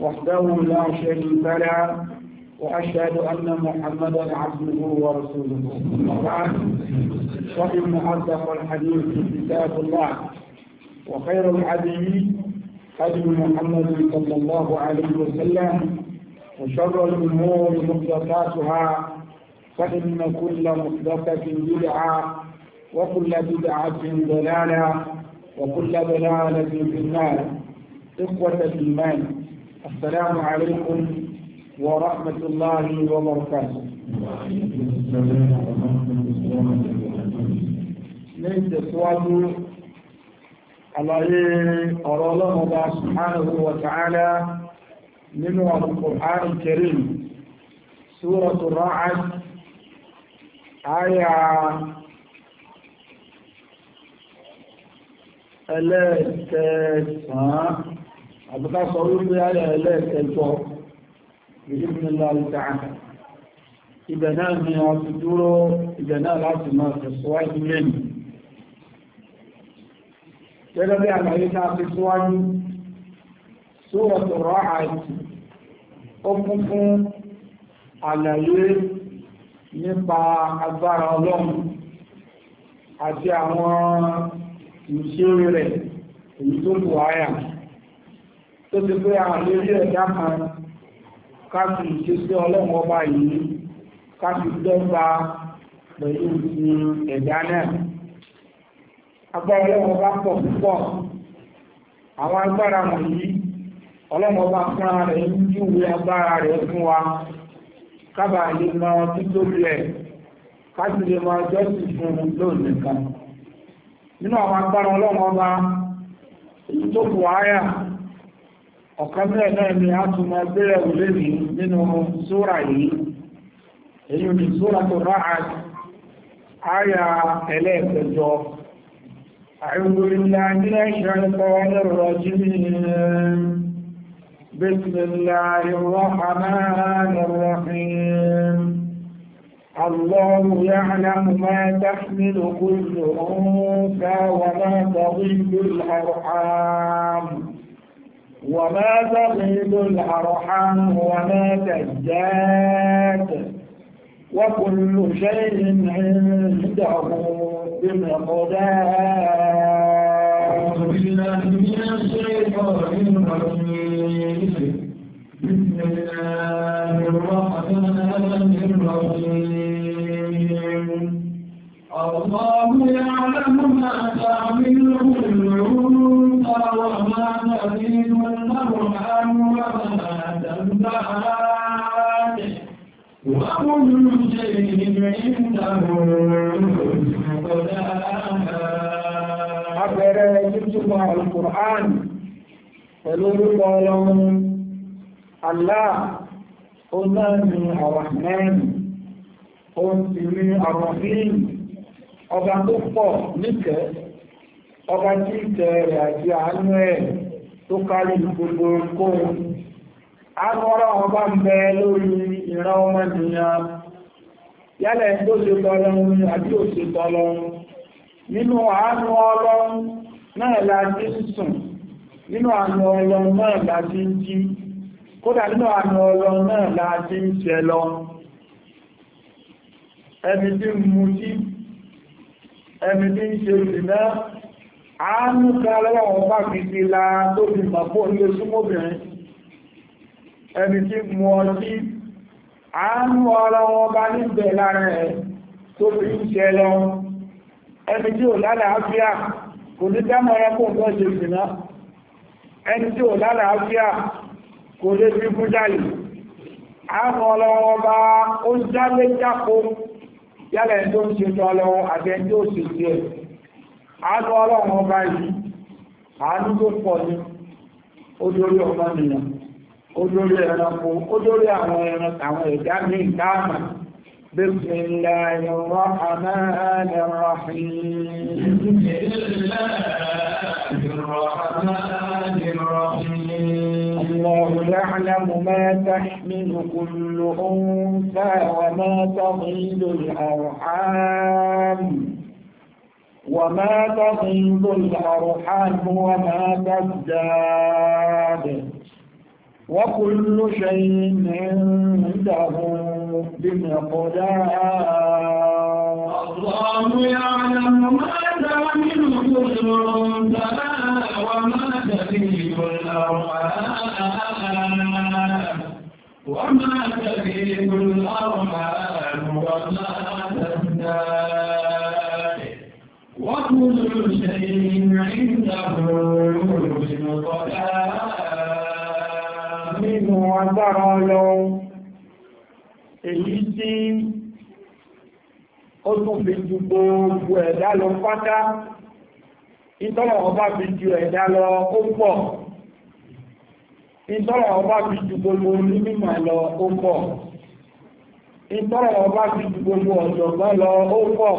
وحده لا شريك له وأشهد أن محمدا عبده ورسوله وبعد فإن أصدق الحديث كتاب الله وخير الحديث حديث محمد صلى الله عليه وسلم وشر الأمور محدثاتها فإن كل محدثة بدعة وكل بدعة ضلالة وكل ضلالة في النار إخوة الإيمان السلام عليكم ورحمة الله وبركاته من تسوال الله أرى الله سبحانه وتعالى من القرآن الكريم سورة الرعد آية الثالثة àbúká sọ wípé ayẹ̀ ẹlẹ́ẹ̀kẹjọ ìdíbìnláwì tààdà ibẹ̀ náà ni wọ́n ti dúró ibẹ̀ náà láti máa tẹ̀síwájú lẹ́nu gẹ́gẹ́ bí àlàyé náà fi síwájú Suratu Ra'd ó kún fún àlàyé nípa agbára ọlọ́run àti àwọn ìṣe rẹ̀ èyí tó kù áyà. tó ti pé àwọn lórí ẹ̀dá kan káàkì ìṣesí ọlọ́run ọba yìí káàkì dọ́gba pẹ̀lú ti ẹ̀dá náà agbára ọlọ́run ọba pọ̀ púpọ̀ àwọn agbára wọ̀nyí ọlọ́run ọba fúnra rẹ̀ ń júwe agbára rẹ̀ fún wa kábà fún lónìí kan nínú àwọn agbára ọlọ́run ọba èyí ọ̀kan bẹ́ẹ̀ náà ni a tún mọ bẹ́ẹ̀ òlé mi nínú súra yìí èyí ni súra tó Ra'd àyà ẹlẹ́ẹ̀kẹjọ أعوذ بالله من الشيطان الرجيم بسم الله الرحمن الرحيم الله يعلم ما تحمل كل أنثى وما تغيب الأرحام وما تغيب الأرحام وما تزداد وكل شيء عنده بمقدار بسم الله الرحمن الرحيم الله يعلم ما تعملون السماوات وكل شيء عنده أبرا يجب القرآن فلورك لهم الله أمامي الرحمن أمامي الرحيم ọba tó pọ̀ níkẹ́ ọba tí ìtẹ́ rẹ̀ àti àánú ẹ̀ tó kárí gbogbo kóhun agbọ́rọ̀ wọn bá ń bẹ lórí ìran ọmọ ènìyàn yálẹ̀ tó ṣe tọ́lọ́run àbí ò ṣe tọ́lọ́run nínú àánú ọlọ́run náà láti ń sùn nínú àánú ọlọ́run náà láti ń jí kódà nínú àánú ọlọ́run náà láti ń ṣẹ lọ ẹni tí ń mú sí ẹni tí ń ṣe ìrìnà àánú kan lọ́wọ́ bá fi ti la tó fi mọ̀ fóun lé súnmọ́bìnrin ẹni tí mú ọtí àánú ọ̀rọ̀ wọn bá níbẹ̀ lára ẹ̀ tó fi ń ṣe lọ ẹni tí ò lálàáfíà kò ní dámọ̀ ẹkùn tó ṣe ìsìná ẹni tí ò lálàáfíà kò lè fi fún jáyì ọ̀rọ̀ wọn bá ó jápo yálẹ̀ tó ń ṣe tọ́lọ ṣe ọ̀rọ̀ wọn bá yìí tó pọ̀ ní ó nìyàn olórí ẹranko olórí àwọn ẹran àwọn ẹ̀dá ní ìdáàmà بسم الله الرحمن الرحيم بسم الله الرحمن الرحيم الله يعلم ما تحمل كل أنثى وما تغيد الأرحام وما تغيد الأرحام وما تزداد وكل شيء عنده بمقدار الله يعلم ما تعمل كل انثى وما تزيد الارحام وما تزيد الارحام وما تزداد وكل شيء عنده بمقدار agbára ọlọ́run èyí tí ó tún fi ju gbogbo ẹ̀dá lọ pátá ìtọ́lọ̀ ọba fi ju ẹ̀dá lọ ó pọ̀ ìtọ́lọ̀ ọba fi ju gbogbo ní mímọ̀ lọ ó pọ̀ ìtọ́rọ̀ ọba ti ju gbogbo ọ̀jọ̀gbọ́n lọ ó pọ̀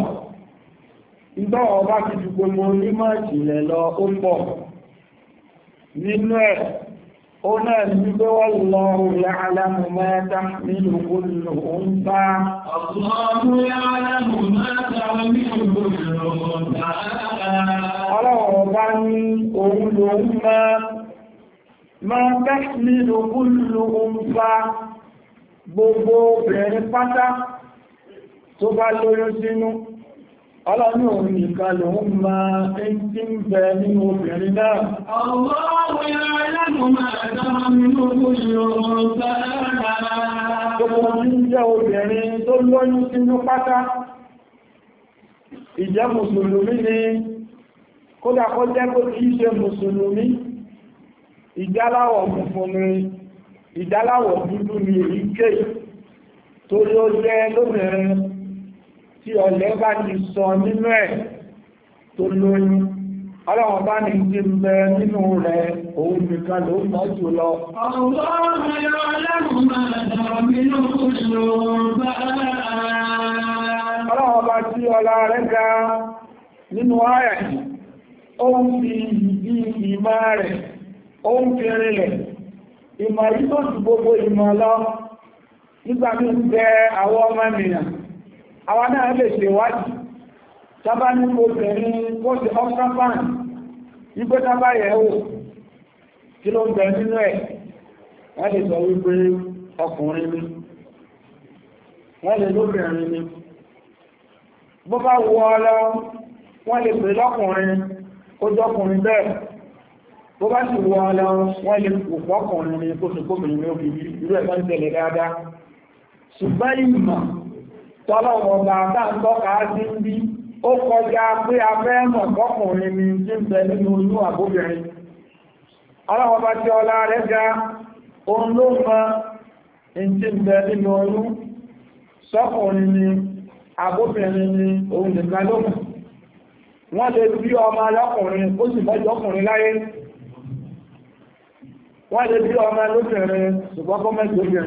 ìtọ́rọ̀ ọba ti ju gbogbo onímọ̀ ìjìnlẹ̀ lọ ó pọ̀ nínú ẹ̀ Ona ni pé wallahu ya'lamu ma tahmilu kullu untha. Allahu ya'lamu ma tahmilu kullu untha. Ọlọ́run bá gbogbo obìnrin pátá bá lóyún sínú. Ọlọ́ni òun nìkan lòun máa ń tí ń bẹ nínú obìnrin náà. Ọlọ́run ìrìn ẹlẹ́gùn máa dámà nínú ogun sára. Gbogbo ní jẹ́ obìnrin tó lóyún sínú pátá. Ìjẹ́ Mùsùlùmí ni, kódà kó jẹ́ kó tí í ṣe Mùsùlùmí, ìjáláwọ̀ funfun ni, ìjáláwọ̀ dúdú ni èyíkéyìí tó yóò jẹ́ lóbìnrin tí ọ̀lẹ́ bá sọ nínú ẹ̀ tó lóyún ọlọ́wọ̀n bá ní ti ń nínú rẹ̀ òun nìkan ló mọ́ jù lọ ọlọ́wọ̀n bá tí ọlá rẹ̀ ga nínú ààrẹ ó fi ìdí ìmá rẹ̀ ìmọ̀ tó gbogbo ìmọ̀ lọ nígbàmí ń bẹ àwọn ọmọ àwa náà lè ṣe wádìí tábá ní obìnrin bọ́sì ọ́sánfàn wípé tábá yẹ̀ wò kí ló ń bẹ nínú ẹ̀ wọ́n lè sọ wípé ọkùnrin ni wọ́n lè lóbìnrin ni bó bá wọ ọlọ wọ́n lè pè lọ́kùnrin kó jọkùnrin bẹ́ẹ̀ bó bá sì wọ ọlọ wọ́n lè pòpọ̀ ọkùnrin kó sì gómìnà tọ́lọ́wọ́ bàbá ń tọ́ka sí ń bí ó kọjá pé afẹ́ mọ̀ kọkùnrin ni tí ń bẹ nínú inú àbóbìnrin ọlọ́wọ́ bá tí ọlá rẹ̀ ga òun ló mọ ìtí ń bẹ nínú inú sọ́kùnrin ni àbóbìnrin ni òun nìkan ló mọ̀ wọ́n lè bí ọmọ lọ́kùnrin ó sì mọ́jọ́ ọkùnrin láyé wọ́n lè bí ọmọ lóbìnrin ṣùgbọ́n kọ́mẹ́jì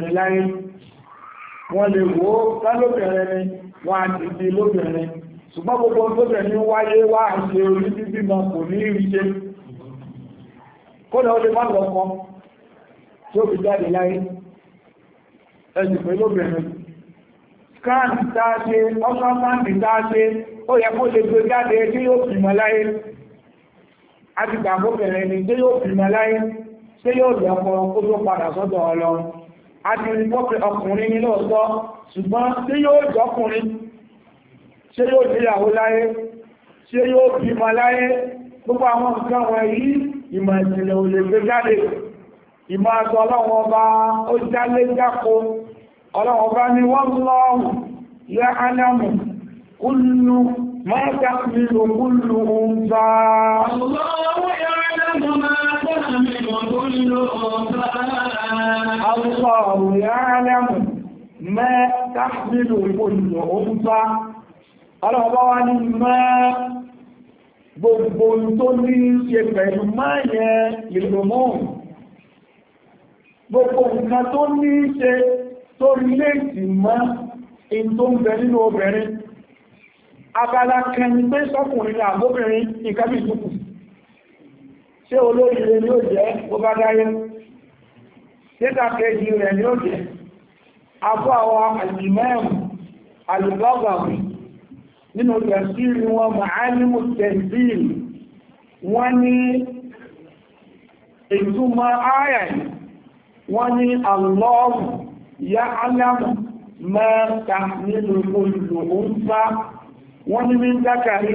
wọ́n lè wò ó lálóbìnrin ni wọ́n á ti di lóbìnrin ṣùgbọ́n gbogbo lóbìnrin wáyé wá ṣe orí bíbímọ kò ní rí ṣe kódà ó lè má lọ́kọ tí ó fi jáde láyé ẹ̀sì pé lóbìnrin scan dáadé ultrasound dáadé ó yẹ kó lè gbé jáde tí yóò bímọ láyé àti gbàgbóbìnrin ni tí yóò bímọ láyé tí yóò lọ́kọ ó tó padà sọ́dọ̀ Ọlọ́run àti ìwọ́pẹ̀ ọkùnrin ní lóòtọ́ ṣùgbọ́n tí yóò jọkùnrin ṣe yóò jẹyàwó láyé ṣe yóò bímọ láyé gbogbo àwọn nǹkan wọn yìí ìmọ̀ ìsìnlẹ̀ ò lè gbé jáde ìmọ̀ àti ọlọ́run ọba ó jálé jáko ọlọ́run ọba ni wọ́n lọ́rùn yẹ ánámù kúlù máa dákùnrin lòkúlù ń bá ọlọ́run yẹ ánámù máa الأبصار يعلم ما تحمل كل أنثى ọlọ́ọ̀bá wá ní máa gbogbo tó ní ṣe pẹ̀lú máa yẹ ìlòmọ́ gbogbo nǹkan tó ní ṣe tó léèkì má in tó ń bẹ nínú obìnrin abala kẹni pé sọ́kùnrin àgbóbìnrin nǹkan bí ṣé olóyìnlẹ̀ ni jẹ́ ó bá dáyé tẹ́ta kejì rẹ̀ ní òjẹ́ afọ́ àwọn alìmọ́ẹ̀mù alìbọ́gbàmù nínú tẹ̀síìrì wọn màálìmù tẹ̀síìrì wọ́n ní ìtumọ̀ ayà wọ́n ya alámù ma nínú olùlòóńfà wọ́n ní ní dákàrí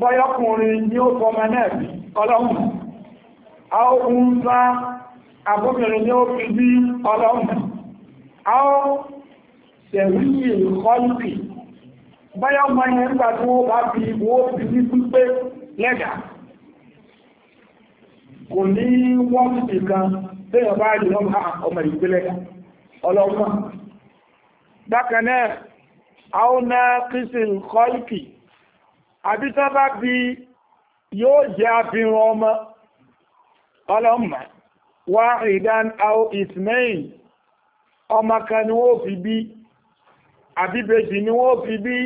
bọ́yọ́kùnrin ní ó fọmọ náà ọlọ́mù a àbúbìnrin ni ó fi bí ọlọ́mù àwọn tẹ̀ríyè kọ́lùkì báyá ọmọ yẹn nígbà tí ó bá fi wó fi ní pípé lẹ́gà kò ní wọ́n ti kan tẹ́yàn bá rí ah, ọmọ ọmọ ìpínlẹ̀ ọlọ́mọ bákan náà àwọn náà kìsì kọ́lùkì wahidan aw ismail ọmọ kan ni wọ́n fi bí àbíbejì ni wọ́n fi bí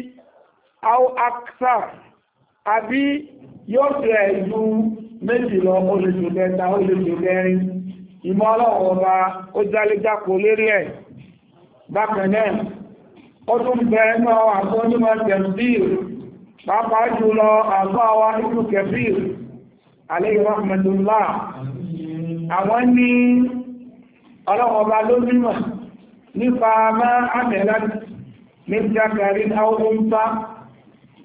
aw aksar àbí yóò fẹ́ ìlú méjì lọ ó lè tó mẹ́ta ó lè tó mẹ́rin ìmọ̀ ọlọ́run ọba ó jálẹ́jáko lérí ẹ̀ bákan náà bẹ ẹnu àgbọn onímọ̀ tẹ̀síìr pàápàá jùlọ àgbọn àwọn ikú kẹfíìr alayhi rahmatullah àwọn ní ọlọ́ọ̀ba ló mímọ̀ nípa máa àmẹ́lá ní jákàrí àwọn ta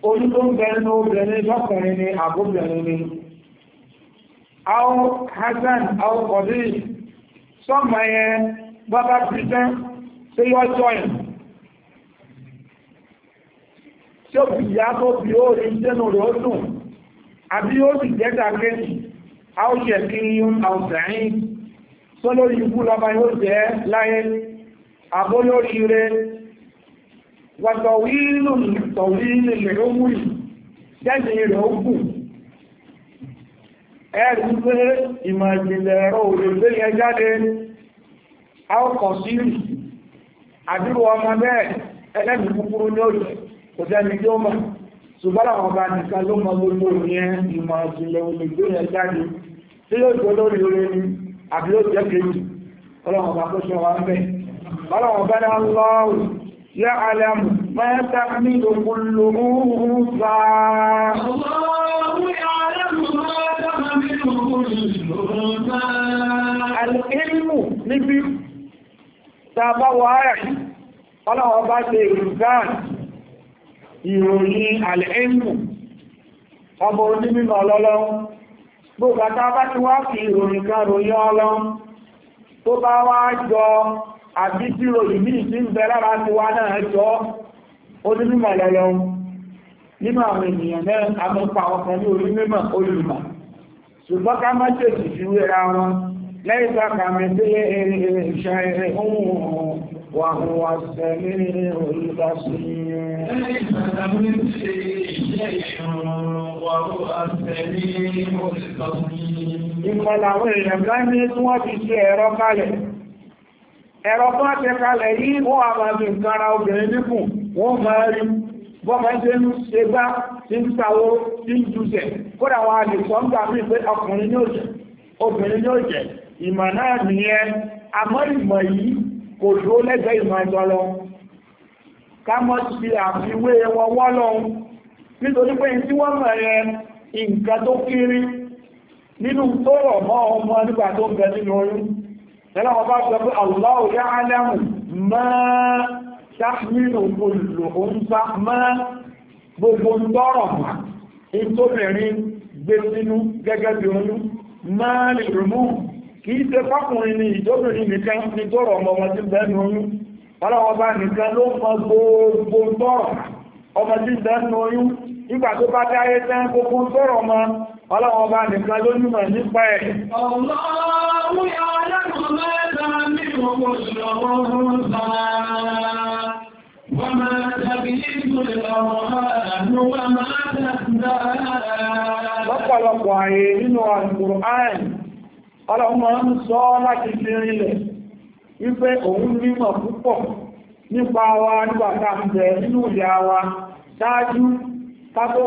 olùgbóǹgbẹ̀rin obìnrin lọ́kùnrin ni àbúbìnrin ni àwọn hassan àwọn kọ̀dí sọ́mọ̀ yẹn bábá pìtẹ́ tí yọ́ jọyìn tí ó fi ìyá tó bí ó rí jẹ́nu rẹ̀ ó dùn àbí ó sì jẹ́ a bí i àwọ̀sẹ̀rin tó lórí ikú lọba yóò jẹ́ láyé àbó lórí rẹ̀ wàtọ̀wílù tọ̀wílù lẹ́rọ̀wùrì jẹ́jìn rẹ̀ ó kù ẹ̀rù pé ìmọ̀ ìjìnlẹ̀ ẹ̀rọ òrèlé yẹ jáde àwọ̀kọ̀ sírì àdúrò ọmọ bẹ́ẹ̀ ẹlẹ́bì kúkúrú lórí kò tẹ́ni tí ó mọ̀ ṣùgbọ́n àwọn ọba nìkan ló mọ gbogbo ìyẹn ìmọ̀ ìjìnlẹ̀ òrèlé yẹ jáde tí yóò jọ lórí orí ni àbí yóò jẹ́ kejì ọlọ́run bá tó ṣe wà ń bẹ̀ ọlọ́run bá náà lọ́rùn yá alẹ́mù mẹ́ta ní òkúlù rúrúfà alìlmù níbi tàbá wàárà ọlọ́run bá ṣe ìrùgbàn ìròyìn alìlmù ọmọ onímọ̀ ọlọ́lọ́run gbogbo bá ti wá fi ìròyìn kan ròyìn ọlọ tó bá wá jọ àbí tí ròyìn ní ìsí ń bẹ lára ti wá náà jọ ó ní mímọ̀ lọ́lọ́ nínú àwọn ènìyàn náà amọ́pa ọkàn ní orí mímọ̀ olùmọ̀ ṣùgbọ́n ká má ṣe ìṣúwé ra wọn lẹ́yìn tá kàmẹ́sílẹ̀ eh, eh, eh, ìṣẹ́ ohun وهو السميع البصير ليس كمثله شيء وهو السميع البصير ìmọ̀ làwọn èèyàn bá ní tí wọ́n ti ṣe ẹ̀rọ kalẹ̀ ẹ̀rọ bá tẹ kalẹ̀ yìí wọ́n a máa fi nǹkanra obìnrin nípò wọ́n máa rí bọ́mọ ṣe ń ṣe bá ti ń sàwó tí ń jùsẹ̀ kódà wọn lè sọ ń gbà mí pé ọkùnrin ní òjẹ̀ kò dúró lẹ́gbẹ̀ẹ́ ìmọ̀ ẹ̀tọ́ lọ ká mọ́ sí àfiwé wọn wọ́n lọ́hun nítorí pé tí wọ́n mọ̀ rẹ nǹkan tó kiri nínú tó rọ̀ mọ́ ọmọ nígbà tó ń bẹ nínú oyún tẹ́lẹ̀ wọn bá sọ pé Allahu ya'lamu ma tahmilu kullu unsa ma gbogbo tọ́rọ̀ mà ìtòmìnrin gbé sínú gẹ́gẹ́ bí oyún máa lè rùmú kìí ṣe fákùnrin ni ìjọ́bìnrin nìkan ní tọ́rọ ọmọ ọmọ tí bẹ́ẹ̀nù oyún ọlọ́wọ́ bá nìkan ló mọ gbogbo tọ́rọ ọmọ tí oyún nígbà tó bá dáyé tán gbogbo tọ́rọ ọmọ ọlọ́wọ́ nìkan ló nímọ̀ nípa ẹ̀ Lọ́pọ̀lọpọ̀ ààyè nínú al ọlọ́mọ ń sọ láti fi rinlẹ̀ wípé òun mímọ̀ púpọ̀ nípa wa nígbàtà ń bẹ nínú ìyá wa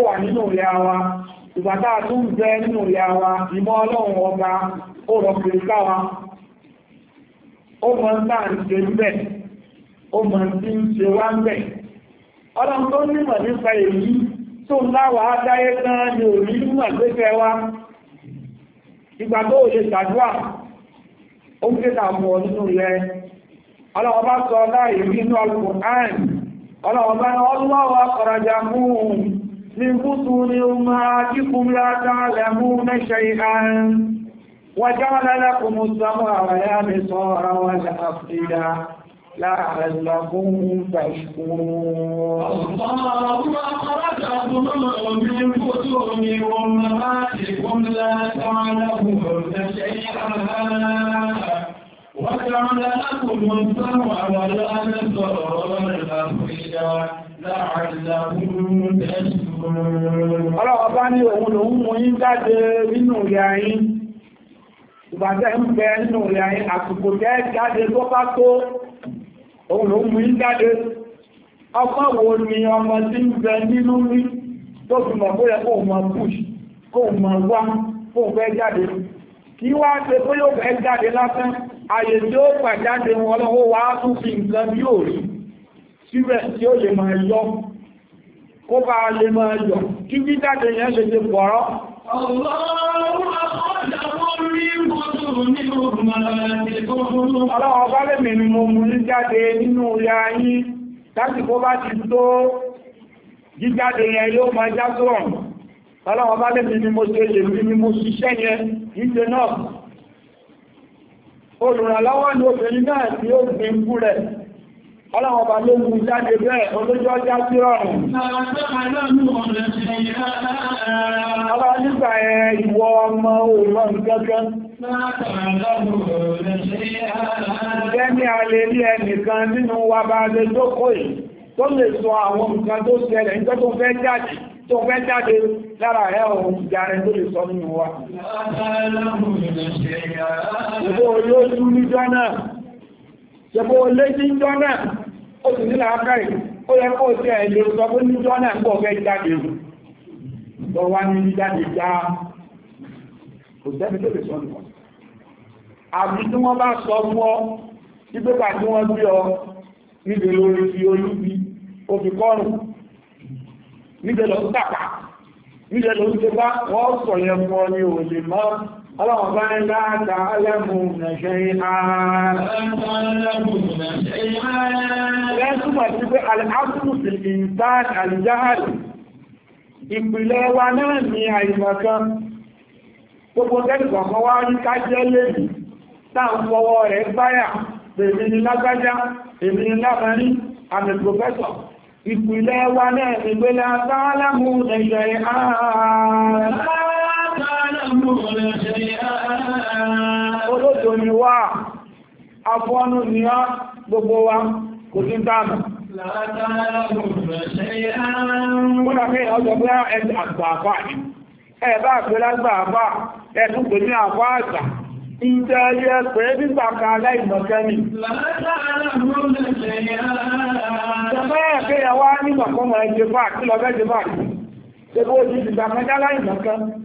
wà nínú wa ìgbàtà tún bẹ nínú ìyá wa ìmọ̀ ọlọ́run ọba ó ó mọ̀ ń tà ń ṣe ìgbà tó ò lè ṣàdúrà ó ń kéta mọ̀ nínú rẹ̀ ọlọ́wọ́ bá sọ láì rí inú Al-Qur'an ọlọ́wọ́ bá ní ọlọ́wọ́ akọ̀rajà fún ní gúúsù ni ó máa látàlẹ̀ mú mẹ́ṣẹ́ ara لعلكم تشكرون الله أخرجكم من بطون أمهاتكم لا تعلمون شيئا وجعل لكم السمع والأبصار والأفئدة لعلكم تشكرون Ọlọ́wọ́ bá ní òun lòun mú yí jáde nínú ìyá yín. Ìbàjẹ́ ń bẹ nínú ìyá yín àsìkò jẹ́ jáde tó bá tó òun ló mú ìjáde ọgbọ́n wo ni ọmọ tí ń bẹ nínú rí tó fi mọ̀ bóyẹ kó mọ̀ bush kó mọ̀ wá kó fẹ́ jáde kí wá ṣe pé yóò fẹ́ jáde lásán àyè tí ó pàjáde wọn lọ́wọ́ wá tún fi nǹkan bí ò rí síbẹ̀ tí ó lè máa yọ kó bá lè máa yọ kí bí jáde yẹn lè ṣe pọ̀rọ̀ Ọlọ́wọ́ bá lè mèmí mo mú ní jáde nínú ya yín láti kó bá ti tó jíjáde yẹn yóò máa já sọ́rọ̀. Ọlọ́wọ́ bá lè mèmí mo ṣe lè mèmí mo ṣiṣẹ́ yẹn níṣe náà. Olùrànlọ́wọ́ ni obìnrin náà tí ó gbin ọlọ́wọ́ bá ló mú jáde bẹ́ẹ̀ olójọ́ já sí ọ̀rùn ọba nígbà ẹ ìwọ ọmọ òòrùn ọ̀nkẹ́kẹ́ jẹ́ni a lè rí ẹnìkan nínú wa bá lè jókòó yìí tó lè sọ àwọn nǹkan tó ṣẹlẹ̀ nígbà tó fẹ́ jáde tó fẹ́ jáde lára rẹ̀ ohun ìjárin tó lè sọ nínú wa Ṣebó olójú níjọ́ náà, ṣebó olé náà, ó sì nílà ákàrí ó yẹ kó sí ẹ̀ sọ pé ní jọ́nà ń pọ̀ fẹ́ jáde lọ wá ní jáde já kò sọ nìkan àbí tí wọ́n bá sọ fún ọ tí wọ́n gbé ọ níbi lórí fi olú bí níbi lọ ń tàpá níbi lọ ń tẹpá wọ́n sọ yẹn fún ní òòlè Ọlọ́run bá ń láta alẹ́mùn ṣe ìpìlẹ̀ wa náà ni àìmọ̀kan gbogbo tẹ́lùkọ̀ kan wá rí kájẹ́ lèdì táà ń fọwọ́ rẹ̀ báyà èmi ni lágbájá èmi ni lámarí àmì pòfẹ́sọ̀ ìpìlẹ̀ wa náà ni gbélé àtàlámù ẹ̀ṣẹ̀ ààrẹ Olóòtò ni wá, afọ́nú ni á gbogbo wa kò tí dáàmù. Wọ́n àfẹ́ ọjọ́ pé ẹgbẹ́ àgbà àfà ní. Ẹ̀bá àpẹ́ lágbà àfà, ẹ̀tún pè ní àfà àgbà. Ìjẹ́ ayé ẹ̀pẹ́ nígbà kan aláìmọ̀kẹ́ ni. Ṣẹ̀fẹ́ ẹ̀fẹ́ yà wá nígbà kan mọ̀ ẹjẹ́ fà kí lọ fẹ́ jẹ fà kí. Ṣẹ̀fẹ́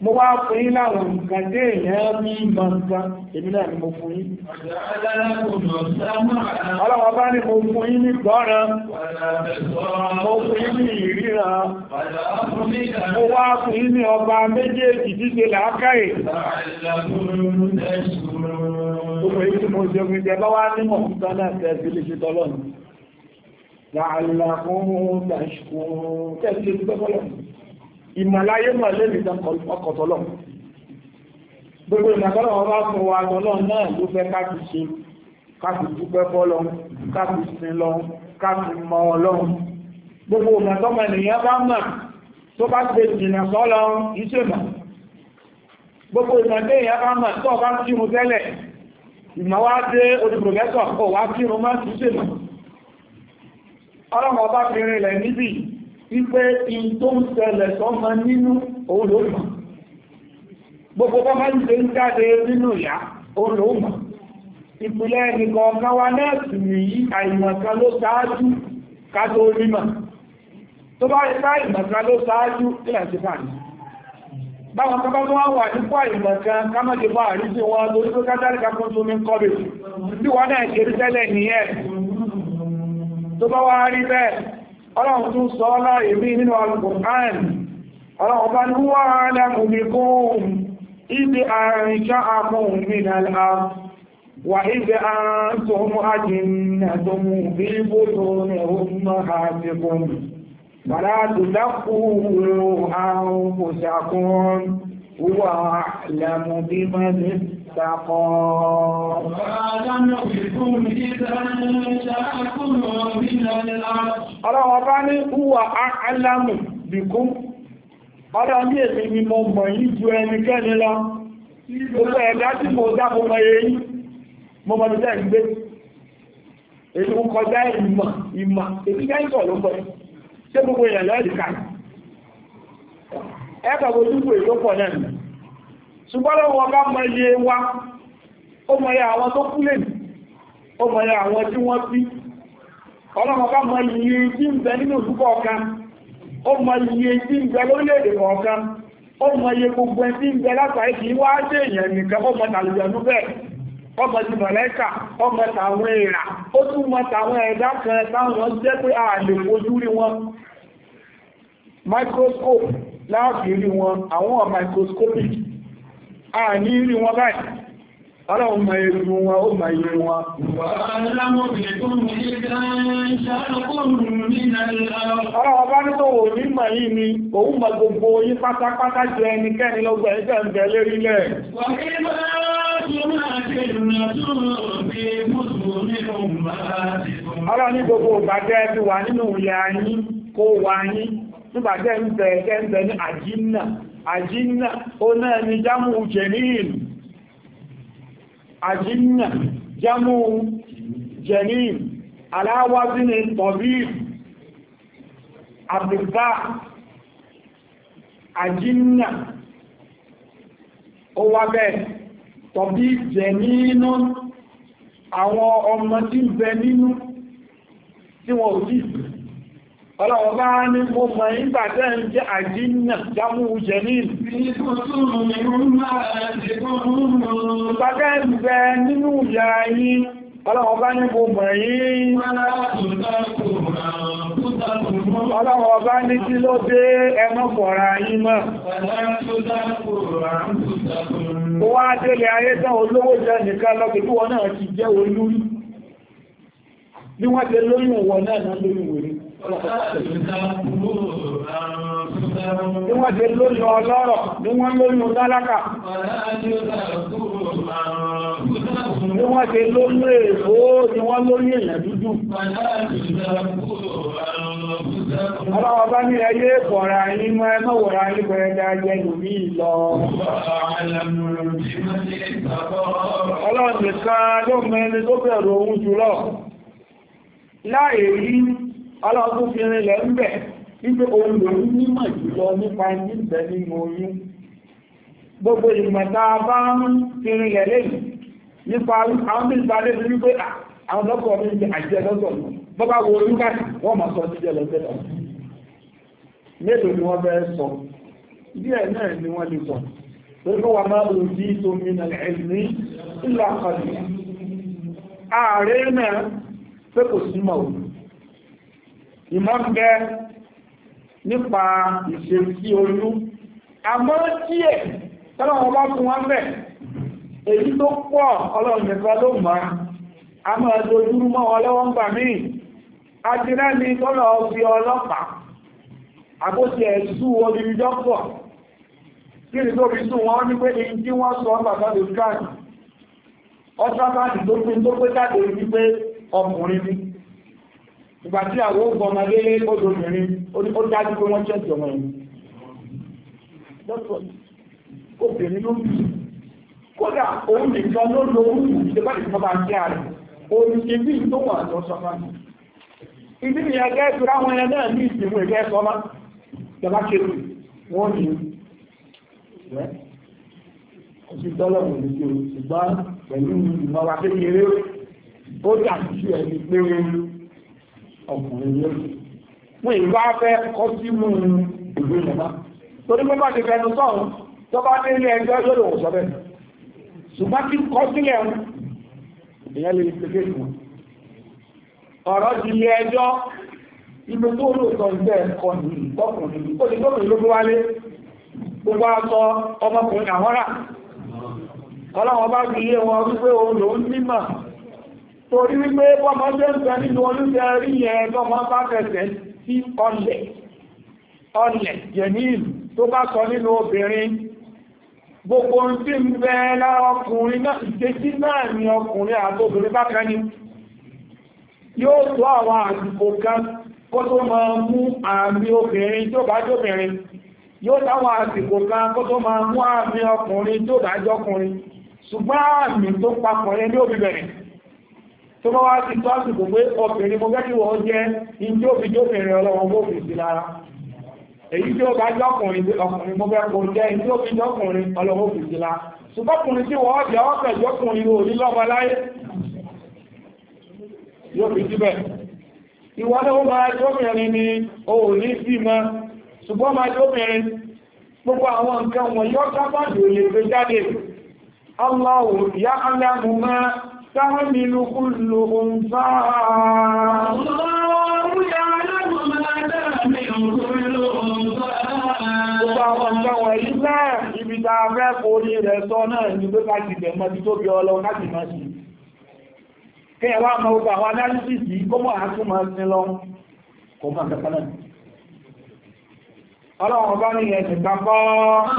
mo wá fún yín láwọn nǹkan dé èèyàn ní gbọǹgbọǹ èmi náà ni mo fún yín ọlọ́wọ́ bá ní mo fún yín ní gbọ́ràn mo fún yín ní ìríran mo wá fún yín ní ọba méjèèjì díje làákàyè gbogbo èyí tí mo jẹ omi jẹ bá wá nímọ̀ nípa náà tẹ́ sí lè ṣe tọ́lọ́nù ìmọ̀láyé mọ̀ lè nìkan ọkọ̀tọ̀lọ̀ gbogbo ìmọ̀kọ́lọ̀ ọba fún wa tọ́lọ̀ náà ló fẹ́ káàkì ṣe káàkì dúpẹ́ fọ́lọ káàkì sin lọ káàkì mọ ọlọ́run gbogbo ìmọ̀kọ́mọ̀ ènìyàn bá mọ̀ tó bá gbé jìnà sọ́lọ ìṣèmọ̀ gbogbo ìmọ̀dé èèyàn bá mọ̀ tó bá kírun tẹ́lẹ̀ ìmọ̀ wá dé odi pòfẹ́sọ̀ kò wá kírun má ìṣèmọ̀ ọlọ́run ọba fi rinlẹ̀ níbi wípé in tó ń ṣẹlẹ̀ sọ́mọ nínú òun ló mọ̀ gbogbo bá máa ń ṣe ń jáde nínú ìyá òun ló mọ̀ ìpìlẹ̀ ẹnìkan kan wá náà sì nìyí àìmọ̀kan ló ṣáájú ká tó rímọ̀ tó bá ipá ìmọ̀kan ló ṣáájú ilẹ̀ ti fà ní báwọn kọba tó wọ́n wà nípò àìmọ̀kan kámọ́dé bá àrí sí wọn lórí tó kájárí kakún tó ní kọ́bì tó bá wá rí bẹ́ẹ̀ ọlọ́run tún sọ láì rí nínú al-Qur'an ọlọ́run bá ní wọ́n rẹ̀ kùnmíkún ibi àrìnṣà àkùnmínà wà ibi àrìnṣòmù ajínàtòmù bí bóso ní ọmọ àtìkùn wà látùdákùn àrùn kò sàkùn هو أعلم بمن اتقى وأعلم بكم إذا أنشأكم من الأرض ọlọ́wọ́ bá ní huwa a'lamu bikum ọdọ́ ní èmi ni mo mọ̀ yí ju ẹnikẹ́ni lọ gbogbo ẹ̀dá tí mo dá mo mọ̀ èyí mo ẹ́kàwò dúkù èlò pọ̀ náà ṣùgbọ́n lọ́wọ́ bá mọ iye wa ó mọ àwọn tó kú lè ó mọ àwọn tí wọ́n bí ọlọ́wọ́ bá mọ iye tí ń bẹ nínú ìlú kọ̀ọ̀kan ó mọ iye tí ń bẹ lórílẹ̀-èdè kọ̀ọ̀kan ó gbogbo ẹ̀ tí ń bẹ látàrí microscope láàfin rí wọn àwọn microscopic a ní rí wọn báyìí o ma eru wọn ó ma wọn ọlọ́run bá ní tó wò ní mà yìí ni òun ma gbogbo yí pátápátá jẹ ẹnikẹ́ni ẹgbẹ́ ẹgbẹ́ lérí lẹ̀ ní gbogbo ìgbàgbẹ́ ti wà nínú kó wà nígbà jẹ́ ń bẹ̀ jẹ́ ń bẹ̀ ní àjínà àjínà ó náà ni jámù jẹ̀lìl àjínà jámù jẹ̀lìl aláwábí ni tọ̀bí àbìbá àjínà ó wá bẹ́ẹ̀ tọ̀bí jẹ̀lìl àwọn ọmọ ń bẹ nínú tí wọ́n ò ọlọ́wọ́ bá ní mo mọ̀ ìgbàtẹ́ ń jẹ́ àjínà jámú jẹ́lìl ìgbàtẹ́ ń bẹ nínú ìyá yí ọlọ́wọ́ bá ní mo mọ̀ yìí ọlọ́wọ́ bá ní kí ló dé ẹmọ́ pọ̀ra yí mọ́ ó wá délẹ̀ ayé tán olówó jẹ́ nìkan lọ́gbẹ̀kú wọn náà ti jẹ́ olórí bí wọ́n ti lóyún wọn náà lóyún wèrè Ní wọ́n ṣe lórí ọlọ́rọ̀, ní wọ́n lórí ọlálákà. Ní wọ́n ṣe lórí èrò, ní wọ́n lórí èèyàn dúdú. Ọlọ́wọ́ bá ní ẹyé pọ̀ra nínú ẹmọ́ wòrán nípa ẹ̀dà jẹ́lù ní ìlọ. Ọlọ́run nìkan ló mẹ́rin tó bẹ̀rù ohun jùlọ. Láì rí ọlọ́dún fi rinlẹ̀ ń bẹ̀ wípé òun lòun nímọ̀ jùlọ nípa níbẹ̀ nínú oyún gbogbo ìmọ̀ta bá ń fi rinlẹ̀ lẹ́yìn nípa àwọn bí ìgbà lẹ́nu wípé àwọn lọ́kọ̀ mi ti àjẹ lọ́sọ̀ mi bọ́bá wo oyún báyìí wọ́n máa sọ jíjẹ lọ́sẹ̀ lọ mélòó ni wọ́n fẹ́ sọ díẹ̀ náà ni wọ́n lè sọ torí wà máa lò sí tómi nà ẹ̀mí ìlà àkàlẹ̀ ààrẹ náà pé kò sí màá ìmọ̀ ń bẹ nípa ìṣesí oyún àmọ́ tí ẹ̀ tọ́lọ́wọ́ bá fún wọn bẹ̀ èyí tó pọ̀ ọlọ́run ló mọ̀ a máa dojúrú mọ́ wọn lọ́wọ́ ń gbà míì a ti rẹ́ni tọ́lọ́ fi ọlọ́pàá àbóṣe ẹ̀sù odìrìjọ́ pọ̀ kí ni tó fi sùn wọn ní pé èyí tí wọ́n sọ bàbá lè káàkiri ọjọ́ bá ti tó pé tó ìgbà tí àwọn ògbọ ọmọdé lóbìnrin ó dájú pé wọ́n ṣẹ̀ṣẹ̀ ọmọ yìí obìnrin ló ń bí kódà òun nìkan ló lo orúkú ìjọba ìjọba àti ààrẹ òun ti bí tó wà lọ sọmọ ìdí ni ẹgbẹ́ ìtura wọn yẹn náà ní ìsinmi ẹgbẹ́ sọmọ ìjọba kéwì wọn ni ó ti tọ́lọ̀ mọ̀ níbi o ṣùgbọ́n pẹ̀lú ìmọ̀wá kékeré ó dà sí ẹni pé ọkùnrin yóò wọ́n ìgbà fẹ́ kọ́ sí mú ìlú ìjọba torí pé bá ti fẹnu sọ́run tó bá ní ilé ẹjọ́ yóò lò sọ bẹ́ẹ̀ ṣùgbọ́n kí kọ́ sílẹ̀ ń ìyẹn lè fi gé ìwọ̀n ọ̀rọ̀ di ilé ẹjọ́ ibi tó lóòótọ́ ìgbẹ́ ẹ̀kọ́ nìyí tọkùnrin ó ti tóbi ló wálé gbogbo aṣọ ọmọkùnrin àwọn rà ọlọ́wọ́n bá fi ilé wọn wípé òun lòún nímọ̀ torí wípé bọ́mọ jẹ́ ń sẹ nínú olúfẹ́ rí yẹn lọ́mọ bá fẹ̀sẹ̀ sí ọlẹ̀ ọlẹ̀ jẹ̀míìlù tó bá sọ nínú obìnrin gbogbo ń tí ń bẹ lára ọkùnrin náà ìdésí náà ni ọkùnrin àti obìnrin bákan ni yóò tó àwọn àdìbò kan kó tó máa mú àmì obìnrin tó bá jóbìnrin yóò táwọn àsìkò kan kó tó máa mú àmì ọkùnrin tó bá jọkùnrin tó bá wá sí tọ́sù kò pé ọkùnrin mo gẹ́kì wọ́n jẹ́ ìjó fi jókèrè ọlọ́wọ́n bó fi sí lára èyí tí ó bá jọ́kùnrin ọkùnrin mo gẹ́kì wọ́n jẹ́ ìjó fi jọ́kùnrin ọlọ́wọ́n fi sí lára ṣùgbọ́kùnrin tí wọ́n jẹ́ ọkẹ̀ jọ́kùnrin ò ní lọ́mọ láyé yóò fi síbẹ̀ ìwà lọ́wọ́ máa ni ò ní sí mọ́ ṣùgbọ́n máa jọ́kùnrin gbogbo àwọn nǹkan wọ̀nyí ọjọ́ bá dòlè gbé Allah ya alamu máa تحمل كل أنثى الله يعلم ما تحمل كل أنثى Ibi ta fẹ́ kórí rẹ̀ sọ náà ní pé ká ti bẹ̀mọ́ ti tó bí ọlọ́run láti máa ṣe. Kí ẹwà máa gbà àwọn analysis yìí kó mọ̀ àtúmọ̀ sí lọ, kò máa kẹta náà ọlọ́run bá ní ẹ̀sìn papọ̀ wọ́n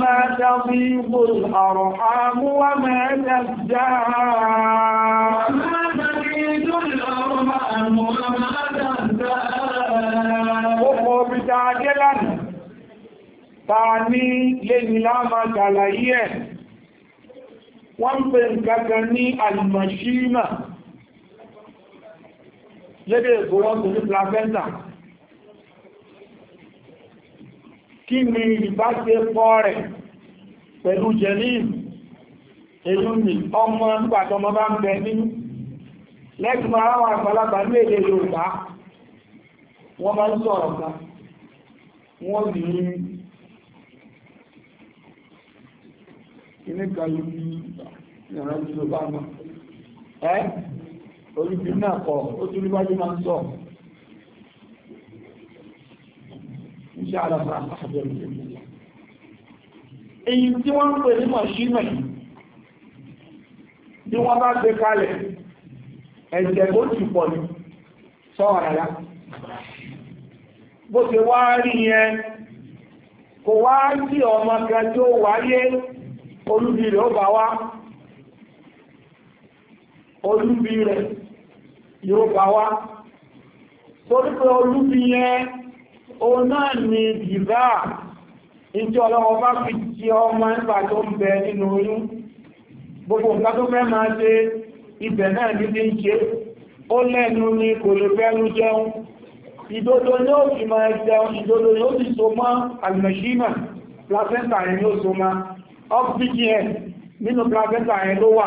máa dábí gbòrò ọ̀rọ̀ àmú wọ́n máa dájá Ọkọ̀ omi ta jẹ́ lánàá, ta ní lè ní láàmà tàlàyé ẹ̀, wọ́n pè nǹkan kan ní alìmọ̀ṣíìmà lédè èkó wọ́n tó ní placenta kí ni ìbáṣepọ̀ rẹ̀ pẹ̀lú jẹ̀lín èyí ni ọmọ nígbàtọmọ bá ń bẹ nínú lẹ́gbùn àwọn àgbàlagbà ní èdè Yorùbá wọ́n máa ń sọ̀rọ̀ ká wọ́n ní ilé kan lórí ìrìnàjò bá náà oríbi náà kọ̀ ó tún níwájú máa ń sọ iṣẹ́ alábà àjẹ́rù èyí tí wọ́n ń pè ní mọ̀ṣínà tí wọ́n bá gbé kalẹ̀ ẹ̀jẹ̀ tó ti pọ̀ ní sọ́wọ́ bó ti wá rí yẹn kò wá sí ọmọ wáyé rẹ̀ ó bá wá rẹ̀ yóò bá wá torí pé olúbi yẹn òun náà ni dìbà ìjọ ọlọ́wọ́ bá fi ti ọmọ nípa tó ń bẹ nínú oyún gbogbo nǹkan tó fẹ́ máa ṣe ibẹ̀ náà ní ní ṣe ó lẹ́nu ni kò lè fẹ́nu jẹun ìdodo ní ó fi máa jẹun ìdodo ní ó sì so mọ́ alìmọ̀ṣínà placenta yẹn ní so mọ́ oxygen nínú placenta yẹn ló wà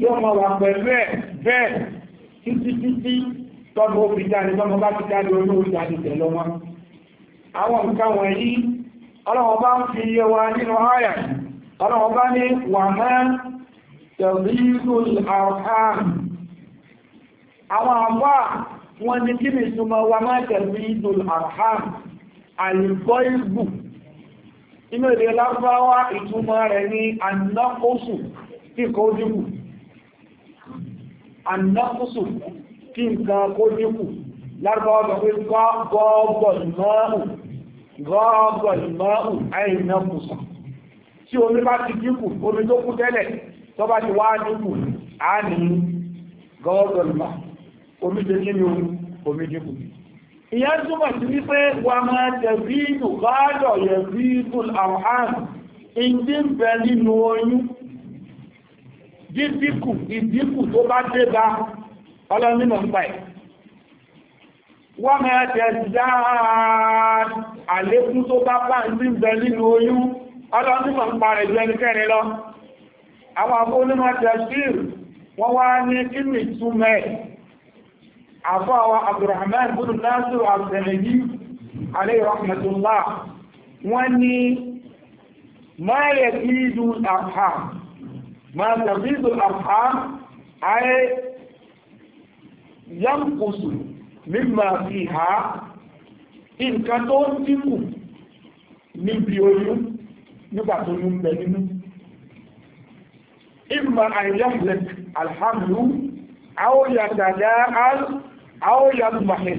yóò mọ̀ wà pẹ̀lú ẹ̀ bẹ́ẹ̀ títí títí tọ́mọ òbí jáde tọ́mọ bá ti jáde olóòrùn jáde tẹ̀lọ wọn àwọn nǹkan wọ̀nyí ọlọ́wọ́ bá ń fi yẹ wa nínú àyà ọlọ́wọ́ bá ní wà mẹ́ tẹ̀lú àrùn àwọn àbá wọn ni kí ni súnmọ́ wà mẹ́ tẹ̀lú àrùn àlùkọ́ ìgbù inú èdè lágbáwá ìtumọ̀ rẹ̀ ní ànákóṣù tí kò dìbò annakusu kí nǹkan kó dínkù lárúbáwọ́ sọ pé gọ́ọ̀gọ̀ ìmọ́ọ̀hùn àìnàkùsù tí omi bá ti dínkù omi tó kú tẹ́lẹ̀ tó bá ti wá dínkù a ní gọ́ọ̀gọ̀ ìmọ̀ omi tó kí ni omi dínkù ìyẹn túnmọ̀ sí wípé wà máa tẹ̀bí ìlú gọ́ọ̀dọ̀ yẹ̀ bí ìlú àwọn àrùn dídíkù ìdíkù tó bá dé bá ọlọ́nìmọ̀ ń báyìí wọ́n máa tẹ̀ dáadáa àlékún tó bá bá ń bẹ nínú oyún ọlọ́nìmọ̀ ń parẹ̀ jẹ́ nìkẹ́rin lọ àwọn afọ́nìmọ̀ tẹ̀ sír wọ́n wá ní kí ni ìtumẹ̀ àwọn Abdurrahman bin Nasir al-Sanayi wọ́n ní máa kí ìlú àhàm ما تغيظ الأرحام أي ينقص مما فيها nǹkan tó ń dínkù níbi oyún nígbà tó ń bẹ nínú ìmọ̀ àìyànlẹ̀ alhamdu àóyàtàdá àóyàtùmáhẹ̀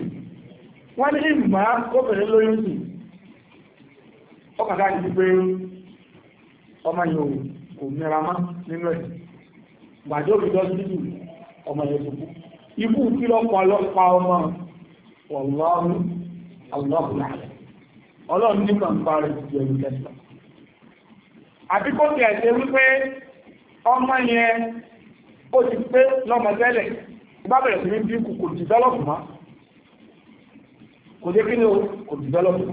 wọ́n ní ìmọ̀ kóbìnrin lóyún sí ọkàdá ìdí ọmọ yòówù kò nira má nínú ẹ̀ gbàjọ́ òbí lọ́sí jù ọmọ yẹn tukú ikú kí lọ́pọ̀ ọlọ́pàá ọmọ ọlọ́run ọlọ́run ọlọ́run ní kàǹpa rẹ̀ ti ẹ̀rù kẹta àbí kó ti ẹ̀ṣẹ̀ wípé ọmọ yẹn ó ti pé lọ́mọ tẹ́lẹ̀ bá bẹ̀rẹ̀ sí ní bí kò kò ti dọ́lọ́pù má kò dé kí ni o kò ti dọ́lọ́pù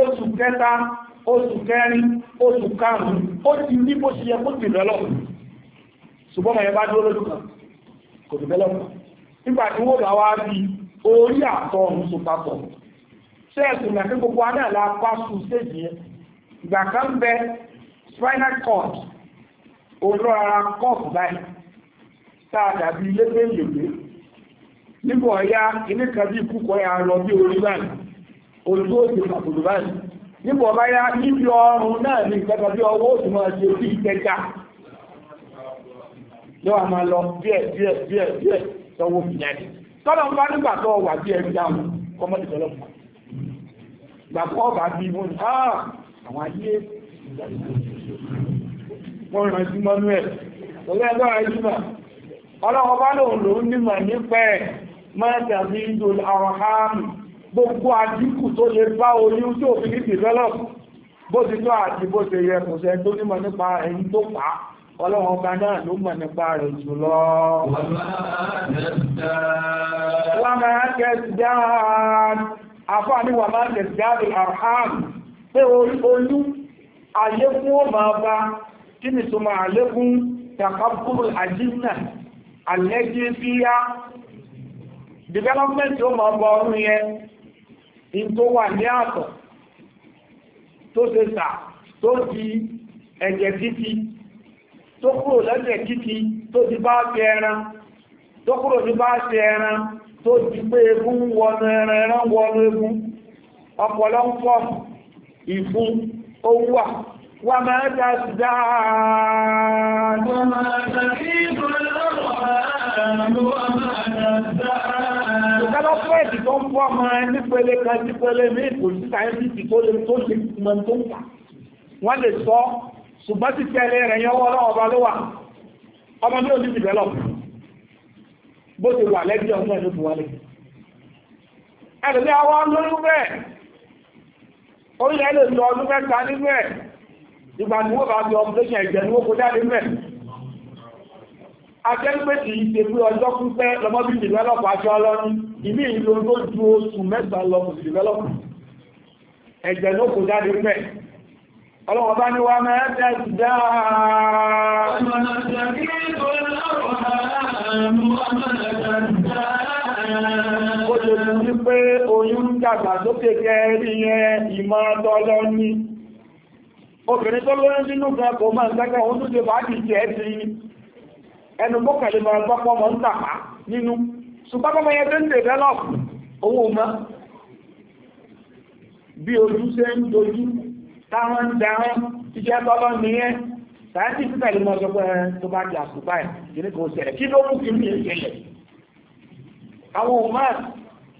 oṣù kẹta oṣù kẹrin oṣù karùn otu ó ti rí bó ṣe yẹ kó develop ṣùgbọ́n bá dúró lójú kan kò develop nígbà tí wọ́n bá wá bí orí àtọ̀ ọ̀hún so papọ̀ ṣẹ́ẹ̀sì ìgbàkí gbogbo adá ìlà pásù séjì ìgbà kan ń bẹ spinal cord ya nígbà ọba yá níbi ọrùn náà ní ìtẹ́kọ̀ bí ọwọ́ òsì máa ṣe sí ìtẹ́já ló wà máa lọ díẹ̀ díẹ̀ díẹ̀ díẹ̀ sọ́wọ́ fìyàdì tọ́lọ̀ ń bá nígbà tó wà bí ẹni dáhùn kọ́mọ́dé tọ́lọ̀ fún gbàgbọ́ ọba bí mo ní àwọn ayé wọ́n ràn sí mọ́nú ẹ̀ pẹ̀lú ẹgbẹ́ rẹ̀ jùlọ ọlọ́wọ́ bá lòun lòun nímọ̀ nípẹ́ mọ́tàbí ìdòl àwọn ààrùn gbogbo àdínkù tó lè bá oyún tó fi ní develop bó ti tó àti bó ti yẹ kò sẹ́ tó nímọ̀ nípa ẹni tó pa ọlọ́run ọba náà ló mọ̀ nípa rẹ̀ jù lọ development ó máa bá ọdún yẹn in tó wà ní àtọ̀ tó ṣe sà tó di ẹ̀jẹ̀ títí tó kúrò lẹ́jẹ̀ títí tó ti bá fi ẹran tó kúrò ní bá ṣe ẹran tó ti pé egún wọnú ẹran ẹran wọnú egún ọpọlọ ń fọ́ ìfún ó wà wà máa dá sí dáadáa kálọ́pẹ́ẹ̀tì tó ń bọ́ ọmọ nípele kan nípele míì kò sí sáyẹ́ntìtì tó lè tó lè mọ tó ń kà wọ́n lè sọ ṣùgbọ́n ti tẹ̀lé rẹ̀ yọwọ́ ọlọ́wọ́ ọba ló wà ọmọ ní develop bó ti wà lẹ́gbẹ̀ẹ́ ọmọ ẹ̀ ló fi wọlé ẹ̀rẹ̀lẹ́ àwọn olóyún bẹ́ẹ̀ orílẹ̀ èdè lọ ọdún mẹ́ta nínú ẹ̀ ìgbà ni wọ́n bá fi ọmọdéṣẹ̀ ìjẹ̀ ni wọ́n kó jáde mẹ́ akẹ́gbẹ́ tí í ṣe pé ọjọ́ pípẹ́ lọmọ bí ọlọ́pàá aṣọ ọlọ́run ilé ìlú tó ju oṣù mẹ́ta lọ kò sì dìvẹ́lọ́pù ẹ̀jẹ̀ ló kò jáde pẹ̀ ọlọ́wọ́ bá ní wá mẹ́ẹ̀ẹ́dẹ́ ti dáa obìnrin tó lóyún nínú kan kò máa ń tẹ́kẹ́ oúnjẹ bá dìí jẹ́ ti ẹnu mọ́kànlẹ̀ máa gbọ́pọ̀ mọ́ ń tàpá nínú ṣùgbọ́n bọ́mọ yẹn tó ń develop owó mọ́ bí ojú ṣe ń dojú táwọn ń dáhùn iṣẹ́ tọ́lọ́ nìyẹn sáyẹ́ntì títà ló mọ sọ pé tó bá di àkùbá ẹ̀ kìíní kò ṣẹlẹ̀ kí ló mú kí ní ìṣẹ̀lẹ̀ àwọn ọmọ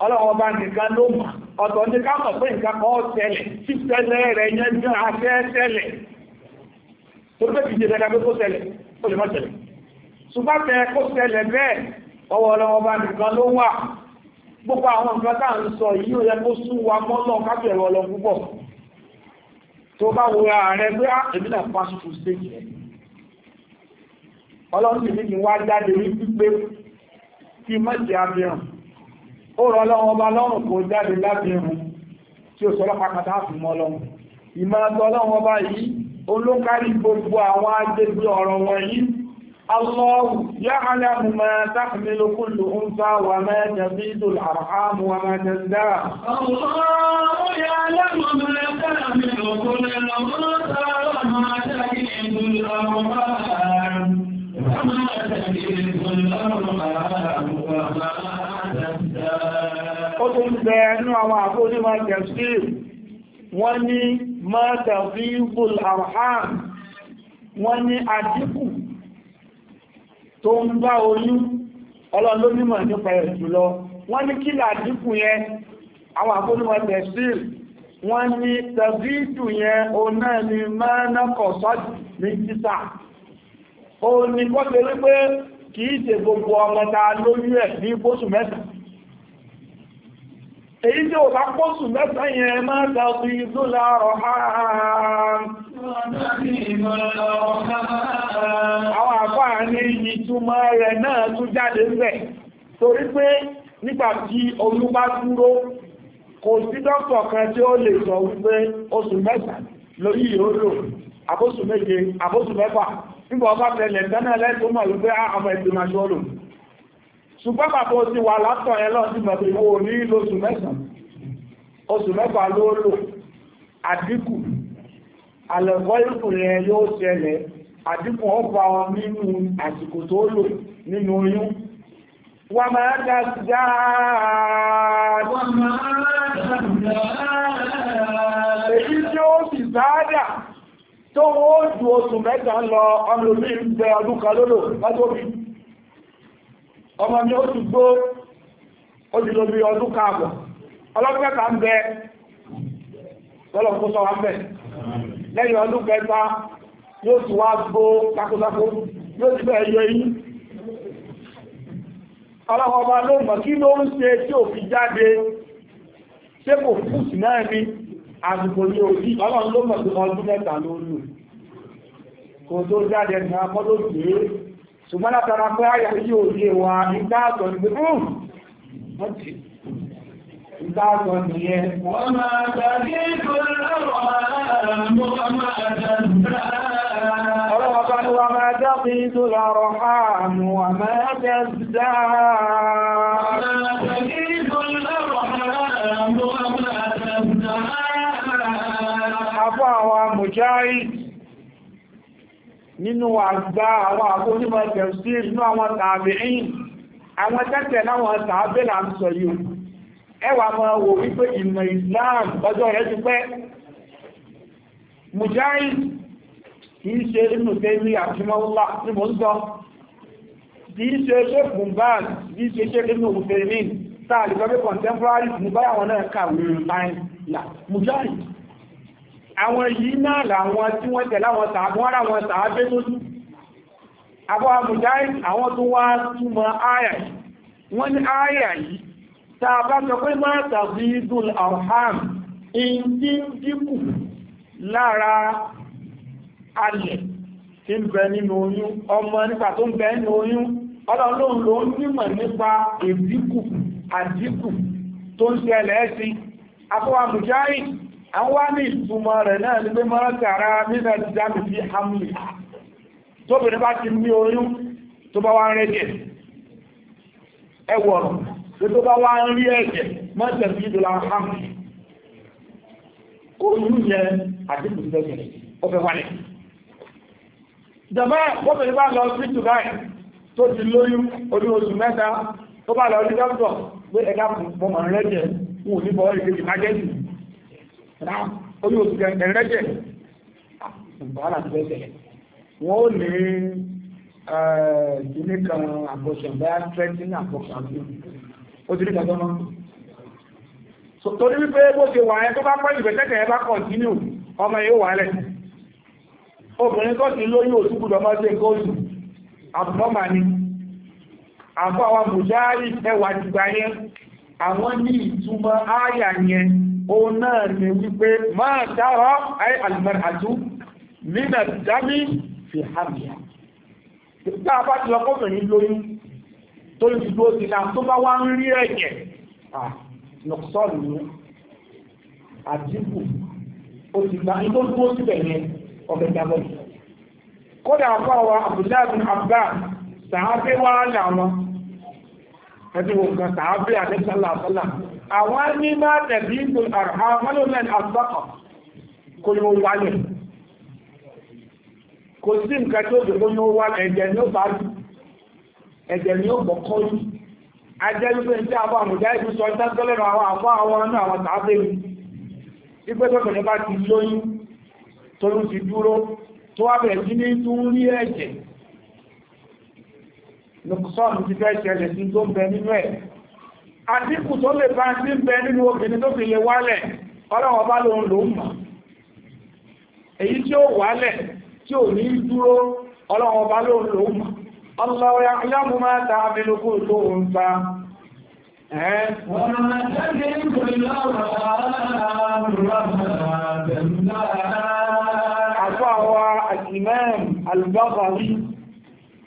ọlọ́wọ́ bá nìkan ló mọ̀ ọ̀tọ̀ ní ká mọ̀ pé nǹkan kan ṣẹlẹ̀ tí ṣẹlẹ̀ rẹ̀ yẹn jẹ́ afẹ́ ṣẹlẹ̀ tó bẹ́ẹ̀ kìí ṣe dáadáa pé kó ṣẹlẹ̀ ó lè mọ̀ ṣẹlẹ̀ ṣùgbọ́n tẹ kó ṣẹlẹ̀ bẹ́ẹ̀ ọwọ́ ọlọ́wọ́ bá nìkan ló wà gbogbo àwọn nǹkan tá ń sọ yìí ó yẹ kó sún wa mọ́lọ́ kábẹ̀rẹ̀ ọlọ púpọ̀ tó bá wo ààrẹ pé ah, èmi náà pass through stage rẹ̀ ọlọ́run sì ní kí wá jáde ní pípé kí mọ́jì abirùn ó rọ ọlọ́run ọba lọ́rùn kó jáde lábirùn tí ó sọ́lọ́ pàkàtà fún mọ́ lọ́rùn ìmọ̀ ọlọ́run ọba yìí olókárí gbogbo àwọn agbègbè ọ̀rọ̀ wọn yìí الله يعلم ما تحمل كل أنثى وما تزيد الأرحام وما تزداد الله يعلم ما تحمل كل أنثى وما تزيد الأرحام وما تزيد الأرحام وما تزداد قلت بأنه معقول ما تفسير وني ما تزيد الأرحام وني أدفه tó ń bá oyún ọlọ́lọ́nímọ̀ nípa ẹ̀ jùlọ wọ́n ní kí làdínkù yẹn àwọn àfónímọ̀ tẹ̀síl wọ́n ní tẹ̀síìdù yẹn o náà ni mẹ́nàkọ̀ sọ́dì ní títà o ní kọ́ kìí ṣe gbogbo ọmọ lóyún ẹ̀ ní bóṣù mẹ́sàn èyí tí ó bá pọ́sù mẹ́ta yẹn máa tàbí ìzó láàrọ̀ àwọn àfáà ní iyì túnmọ́ rẹ̀ náà tún jáde rẹ̀ torí pé nígbàtí olú dúró kò sí kan ó lè sọ wípé oṣù mẹ́ta lórí ìhòòrò àbóṣù méje àbóṣù mẹ́fà nígbà ọba tẹ̀lẹ̀ tẹ́nà lẹ́tọ́ mọ̀ ah, ṣùgbọ́n bàbá ó ti wà látọ̀ ẹ lọ sí mọ̀tò ìwò ní lóṣù mẹ́sàn oṣù mẹ́fà ló lò àdínkù àlẹ̀kọ́ ìkù yẹn yóò ṣẹlẹ̀ àdínkù ó bá ọ nínú àsìkò tó lò nínú oyún wà máa dá sí èyí tí ó sì sáádà tó ó ju oṣù mẹ́ta lọ ọmọ mi ń ọdún kan lólò lọ́jọ́ bíi ọmọ mi ó ti gbó ó ti lóbi ọdún káàbọ̀ ọlọ́pẹ́ta ń bẹ lọ́lọ́pọ̀ sọ wá bẹ̀ lẹ́yìn ọdún kẹta yóò ti wá gbó takotako yóò ti bẹ̀ẹ̀ yọ inú ọlọ́pọ̀ ọba ló mọ̀ kí ló ń ṣe tí ò fi jáde ṣé kò fúùsì náà ni àdìbò ní òbí ọlọ́run ló mọ̀ sí ọdún mẹ́ta ló lù kò tó jáde ní akọ́lóògbé ṣùgbọ́n látara pé àyà yí òye wa ìgbàgbọ́ ní ọ̀hún wọ́n ti ìgbàgbọ́ nìyẹn wọ́n máa tàbí kò lọ́wọ́ Ọlọ́wọ́ máa dákí tó lọ́rọ̀ ààmù wà máa jẹ́sìdá. Àfọ́ àwọn mùjáì nínú àgbà àwọn àkónímọ̀ tẹ̀sí inú àwọn tààbí ẹ̀yìn àwọn tẹ́tẹ̀ láwọn tààbí là ń sọ yìí ẹwà máa wò wípé ìmọ̀ Islam ọjọ́ rẹ̀ ti pẹ́ Mujahid kìí ṣe inú tẹ́lú àfimọ́lá ní mò ń sọ kìí ṣe ṣe fúnbáàn kìí ṣe ṣe inú àwọn yìí náà làwọn tí wọ́n tẹ̀lé àwọn sàábọ́n ara wọn sàábé lójú àbọ̀ àmùdáì àwọn tó wá túmọ̀ áyà yìí wọ́n ní áyà yìí tá a bá sọ pé má tàbí dùn arham in tí ń dínkù lára alẹ̀ tí ń bẹ nínú oyún ọmọ nípa tó ń bẹ nínú oyún ọlọ́run ló ń nímọ̀ nípa ìdínkù àdínkù tó ń ṣẹlẹ̀ sí àbọ̀ àmùdáì àwọn wá ní ìtumọ̀ rẹ̀ náà ní pé mọ́rọ̀kàrá mínà jámi sí hamlin tó bèèrè bá ti ní oyún tó bá wá ń rẹ́jẹ̀ ẹwọ̀rọ̀ tó tó bá wá ń rí ẹ̀jẹ̀ mọ́tẹ̀ sí ìdọ́lá hamlin oyún yẹn àti ìpùsẹ̀jẹ̀ ọfẹ́ wálẹ̀ jàmá bọ́bẹ̀rẹ̀ bá lọ sí dubai tó ti lóyún orí oṣù mẹ́ta tó bá lọ rí dọ́kítọ̀ pé ẹ̀dá mọ̀ rẹ́jẹ̀ fún òníbọ̀ ìgbèjì májẹ́jì ram oyún oṣù kẹrin ẹ̀rẹ́jẹ̀ ìbára bẹ́sẹ̀ wọ́n ó ní ìdílé kan àbọ̀ṣẹ̀ bá tẹ́tíní àbọ̀ṣẹ̀ àbí ó ti rí kan tọ́nà torí wípé bó ṣe wà ẹ tó bá pẹ́ ìgbẹ́tẹ̀kẹ̀ ẹ bá kọ̀ntínú ọmọ yóò wà lẹ̀ obìnrin tó ti lóyún òtúkú lọ́mọ sí ẹ̀kọ́ oṣù àbúmọ́mà ni àbọ̀ àwọn mùsáàrí ẹwà ti gbà yẹn àwọn ní ìtumọ̀ áyà yẹn òun náà ni wípé máa dárọ́ ayé alìmọ̀ràjú nínà dámí fi hàmìyà tá a bá ti lọ kọ́bìnrin lóyún tó lè fi dúró sílá tó bá wá ń rí ẹ̀jẹ̀ nọ̀sọ́ọ̀lù ni àdínkù ó ti gba igbó dúró síbẹ̀ yẹn ọ̀bẹ̀ ìgbàgbọ́ yìí kódà àpá wa Abdullahi bin Abbas sàábé wá làwọn ẹbí wọn kan àwọn ní tẹ̀bí ìgbò àrùhá mọ́lọ́lẹ̀ àgbàkọ̀ kò ní wà kò sí nǹkan tó dùn ló ní ẹ̀jẹ̀ ni ó bá lù ẹ̀jẹ̀ ni ó bọ̀kọ́ lù ajẹ́ wípé ní àwọn àmùjá ìlú sọ ìtẹ́sọ́lẹ̀rọ àwọn àfọ́ àwọn ọ̀nà àwọn tàbí wípé tọ́kọ̀ ní bá ti lóyún tó ló ti dúró tó wá bẹ̀rẹ̀ sí ní rí ẹ̀jẹ̀ ti àdínkù tó lè bá ń bẹ nínú obìnrin tó fi lè wálẹ̀ ọlọ́wọ́ bá lóun ló mọ̀ èyí tí ó wálẹ̀ tí ò ní dúró ọlọ́wọ́ bá lóun ló mọ̀ ọlọ́wọ́ yàmú máa ta abẹ́lógún tó ń ta Àfáwà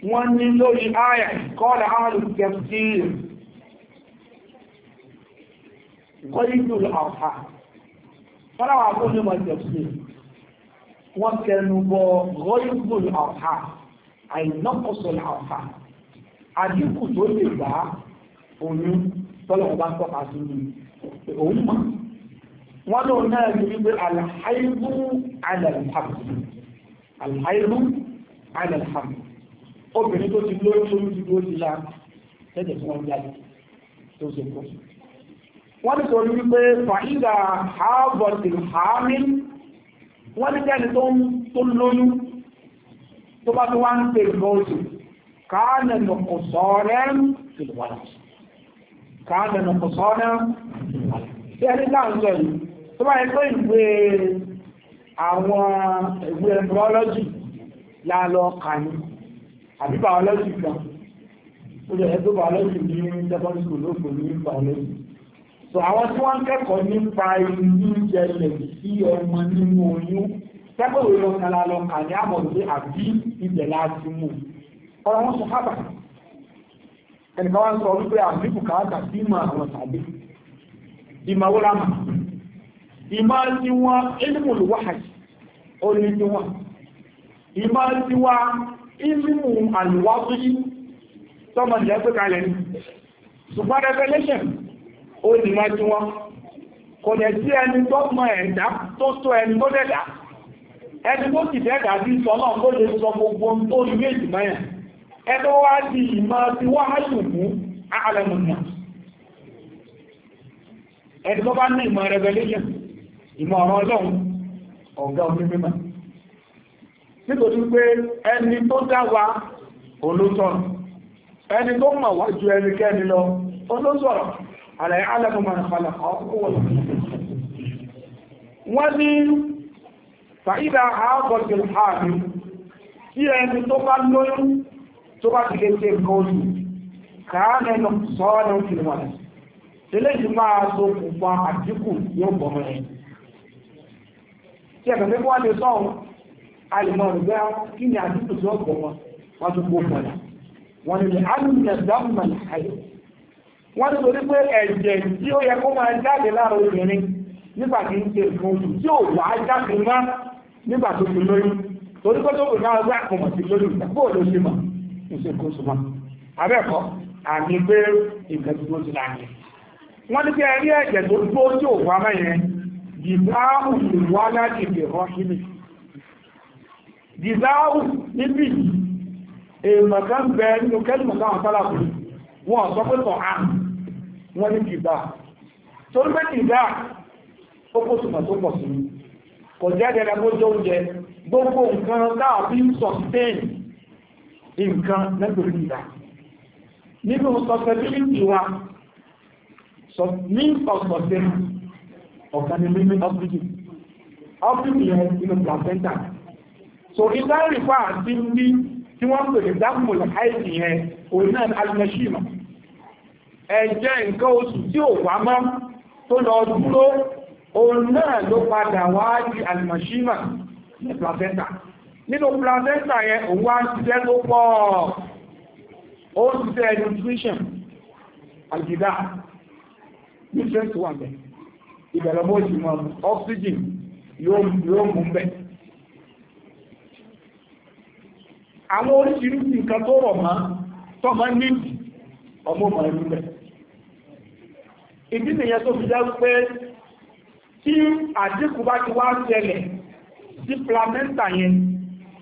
wọ́n lórí ayà kọ́lá kọ́ ìlú àpá fọ́láwà kó ní mọ̀ ìjọsí wọ́n tẹnu bọ gọ́ìgbòl àpá àìnàkọ̀sọ̀ àpá àdínkù tó lè bá oyún tọ́lọ̀wọ́ bá ń tọ́ka sí ní òun mọ̀ wọ́n lò náà ní wípé alhaibu alalhamdu alhaibu alalhamdu obìnrin tó ti lóyún tó ti lóyún la tẹ́tẹ̀ tí wọ́n jáde tó ṣe kọ́sùn wọ́n ní torí wípé fàídà harvardin hamil wọ́n ní jẹ́ni tó lóyún tó bá tó wá ń pè lọ́sù káàlẹ̀ nọ̀kọ̀sọ́rẹ́ ìlúwàlá káàlẹ̀ nọ̀kọ̀sọ́rẹ́ ìlúwàlá tó bá àbí bàọ́lọ́jì kan ó lè ẹgbẹ́ bàọ́lọ́jì ní secondary school ló pè ní bàọ́lọ́jì so àwọn tí wọ́n ń kẹ́kọ̀ọ́ nípa ìlú jẹlẹ̀ sí ọmọ nínú oyún tẹ́kọ̀ọ́ lọ kala lọ kà ní àmọ̀dé àbí ibẹ̀ láti mú ọ̀rọ̀ wọn sọ hábà ẹnìkan wọn sọ wípé àbí bùkátà sí ìmọ̀ àwọn tàbí ìmọ̀ wọ́n lámà ìmọ̀ tí wọ́n ilmù lùwáhàjì ó ní tí wọ́n ìmọ̀ tí wọ́n ilmù àlùwáṣí tọ́mọ̀ jẹ́ pé kalẹ̀ ní ṣùgbọ́n revelation ó ní má tí wọ́n kò dẹ̀ sí ẹni tó ẹ̀dá tó tó ẹni tó dẹ̀dá ẹni tó sì dẹ̀dá bí sọ náà kó lè sọ gbogbo tó ní méjì mẹ́yà ẹni wá di ìmọ̀ tí wọ́n á sì mú àlẹ́mùnà ẹni tó bá ní ìmọ̀ revelation ìmọ̀ ọ̀rọ̀ ọlọ́run ọ̀gá omi mímọ́ nítorí pé ẹni tó dá wa olóṣọ̀rọ̀ ẹni tó àlẹ́ alẹ́mọ̀mọ̀ ìfàlẹ̀ wọ́n ní fàídà àágọ́gìl ààrin tí ẹni tó bá lóyún tó bá ti kéèké kọ́ọ̀lù káàrẹ̀ sọ́ọ̀nà òkèlèwàlẹ̀ tẹ́lẹ̀ yìí máa tó pupa àdínkù yóò bọ̀ mẹ́rin tí ẹ̀kẹ́ pé wọ́n lè sọ́ọ̀ ni àdínkù tí ó bọ̀ wọn wọ́n tó gbó mọ́ra wọ́n wọ́n ní torí pé ẹ̀jẹ̀ tí ó yẹ kó máa jáde lára obìnrin nígbà ń ṣe nǹkan oṣù tí ò wá jáde mọ́ nígbà tó fi torí pé tó kò náà gbà kọmọ̀ sí lóyún ìgbàgbọ́ ló ṣe mọ̀ ìṣe kó sùmọ́ abẹ́ẹ̀kọ́ àmì pé nǹkan tó ti láàyè wọ́n ní kí ẹ ẹ̀jẹ̀ tó gbó tí ò wá mẹ́yẹn dìbáhù ìwá láti lè rán sílẹ̀ dìbáhù níbi èèmọ̀ kan bẹ nínú kẹ́lùmọ̀ káwọn sálà kù wọn sọ pé tọ̀ àmì wọ́n ní dìbà torí pé dìbà ó kó sùmọ̀ tó pọ̀ sí kò jẹ́ dẹ̀dẹ̀ kó jẹ oúnjẹ gbogbo nǹkan láàbí sustain nǹkan lẹ́gbẹ̀rẹ̀ dìbà nínú sustainability wa means of sustain ọ̀kan ni mímí hospital hospital yẹn inú placenta so ìdárí fà sí ní tí wọ́n pè ní dákùnmọ̀lẹ̀ àìsí yẹn òun náà alìmọ̀ṣìmọ̀ ẹ̀jẹ̀ nǹkan oṣù tí ò wá mọ́ tó lọ dúró òun náà ló padà wá di àlùmọ̀ṣímà ní placenta nínú placenta yẹn òun wá ṣiṣẹ́ tó pọ̀ ó ń ṣiṣẹ́ nutrition àlùkìdá nutrient wà bẹ̀ ìbẹ̀lọ́mọ́ ìjùmọ̀ oxygen yóò mú bẹ́ẹ̀. àwọn oríṣiríṣi nǹkan tó rọ̀ mọ́ tọ́mọ níbi ọmọ mọ̀ ẹ̀rú bẹ́ẹ̀ ìdí nìyẹn tó fi jẹ́ pé tí àdínkù bá ti wá ṣẹlẹ̀ sí plamẹ́ntà yẹn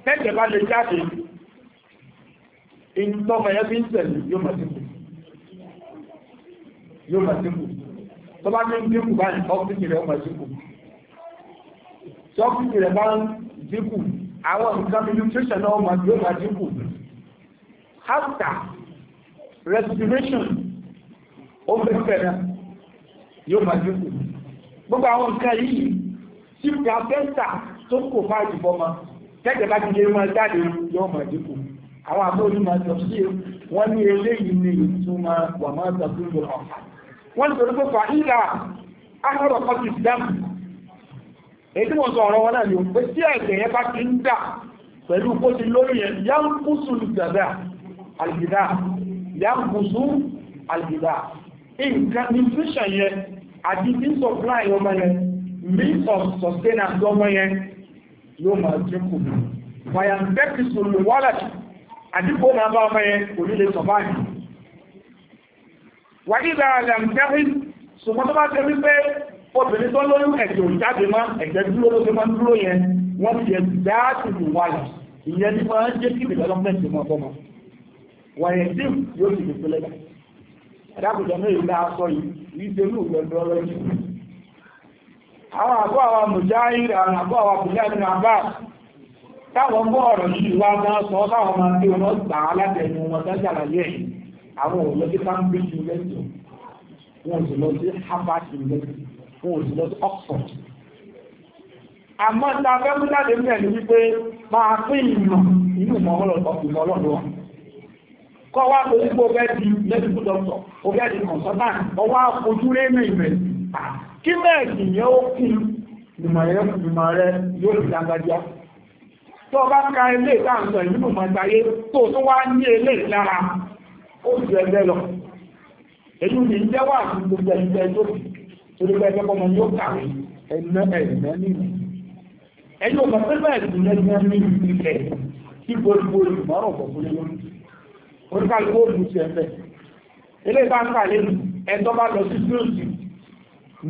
tẹ́jẹ̀ bá lè jáde ìtọ́mọ̀ yẹn bí ń tẹ̀lé yóò mọ̀ síkù yóò mọ̀ síkù tó bá ní ń dínkù bá ní ọ́fíìsì rẹ̀ mọ̀ síkù tí ọ́fíìsì rẹ̀ bá ń dínkù àwọn nǹkan bí nutrition náà mọ̀ yóò mọ̀ dínkù after respiration ó fẹ́ fẹ́ náà yóò máa dínkù gbogbo àwọn nǹkan yìí tí placenta tó kò fà jùbọ́ ma tẹ́jẹ̀ bá ti lè máa jáde yóò máa dínkù àwọn àbóyún máa sọ sí wọ́n ní eléyìí ní ìtumọ̀ wà máa sọ sí ìlú ọ̀fà wọ́n ní torí pé fa ìlà ahọ́rọ̀ kan ti dám èyí tí wọ́n sọ ọ̀rọ̀ wọn náà ni pé tí ẹ̀jẹ̀ yẹn bá ti ń dà pẹ̀lú kó ti lórí yẹn yá ń kú sùn ìgbàdà àlùbìdà yá ń kú sùn àlùbìdà nǹkan nutrition yẹn àti bí supply ọmọ yẹn means of sustenance ọmọ yẹn yóò máa dínkù wàyà ń bẹ́ kí sùn lò wọ́lẹ̀ àdínkù máa bá ọmọ yẹn kò ní lè sọ báyìí wà nígbà àlẹ́ ń tẹ́rí ṣùgbọ́n tó bá tẹ́ wípé obìnrin tó lóyún ẹ̀jẹ̀ òjáde máa ẹ̀jẹ̀ dúró ló fi máa ń dúró yẹn wọ́n ti yẹ dáàtì lò wàyà ìyẹn ní máa ń jẹ́ kí development máa bọ́ mọ́ wàyà dìm yóò ti dìpẹ́lẹ́gbẹ̀ẹ́ ẹ̀dàkùjọ mẹ́rin náà sọ yìí ìṣẹ́lú ìgbẹ̀dọ̀ ọ̀rọ̀ yìí àwọn abụọ àwọn mùjáìrì àwọn àbọ̀ àwọn mùjáìrì àbá táwọn bọ́ yìí wá máa sọ táwọn máa gbé wọn gbà á wọn wọn ò sì lọ sí Harvard University wọn ò sì lọ sí Oxford àmọ́ ta fẹ́ mú jáde kọ́ wá lórí pé ó fẹ́ di medical doctor ó fẹ́ di consultant ó wá fojú rẹ̀ ní ìmẹ̀ kí mẹ́ẹ̀sì yẹn ó kún ìmọ̀ rẹ̀ ìmọ̀ rẹ̀ yóò fi dágbájá tó bá ka ilé ìtàǹsọ̀ ìlú mọ̀gbáyé tó tó wá ní ilé ìlara ó ju ẹgbẹ́ lọ èyí ni jẹ́wọ́ àti gbogbo ẹgbẹ́ tó fi torí pé ẹgbẹ́ kọ́mọ yóò oníkàlùkù òòlù ti ẹ̀fẹ́ ilé ìbá ń kà lẹ́nu ẹ̀tọ́ bá lọ sí sílòsì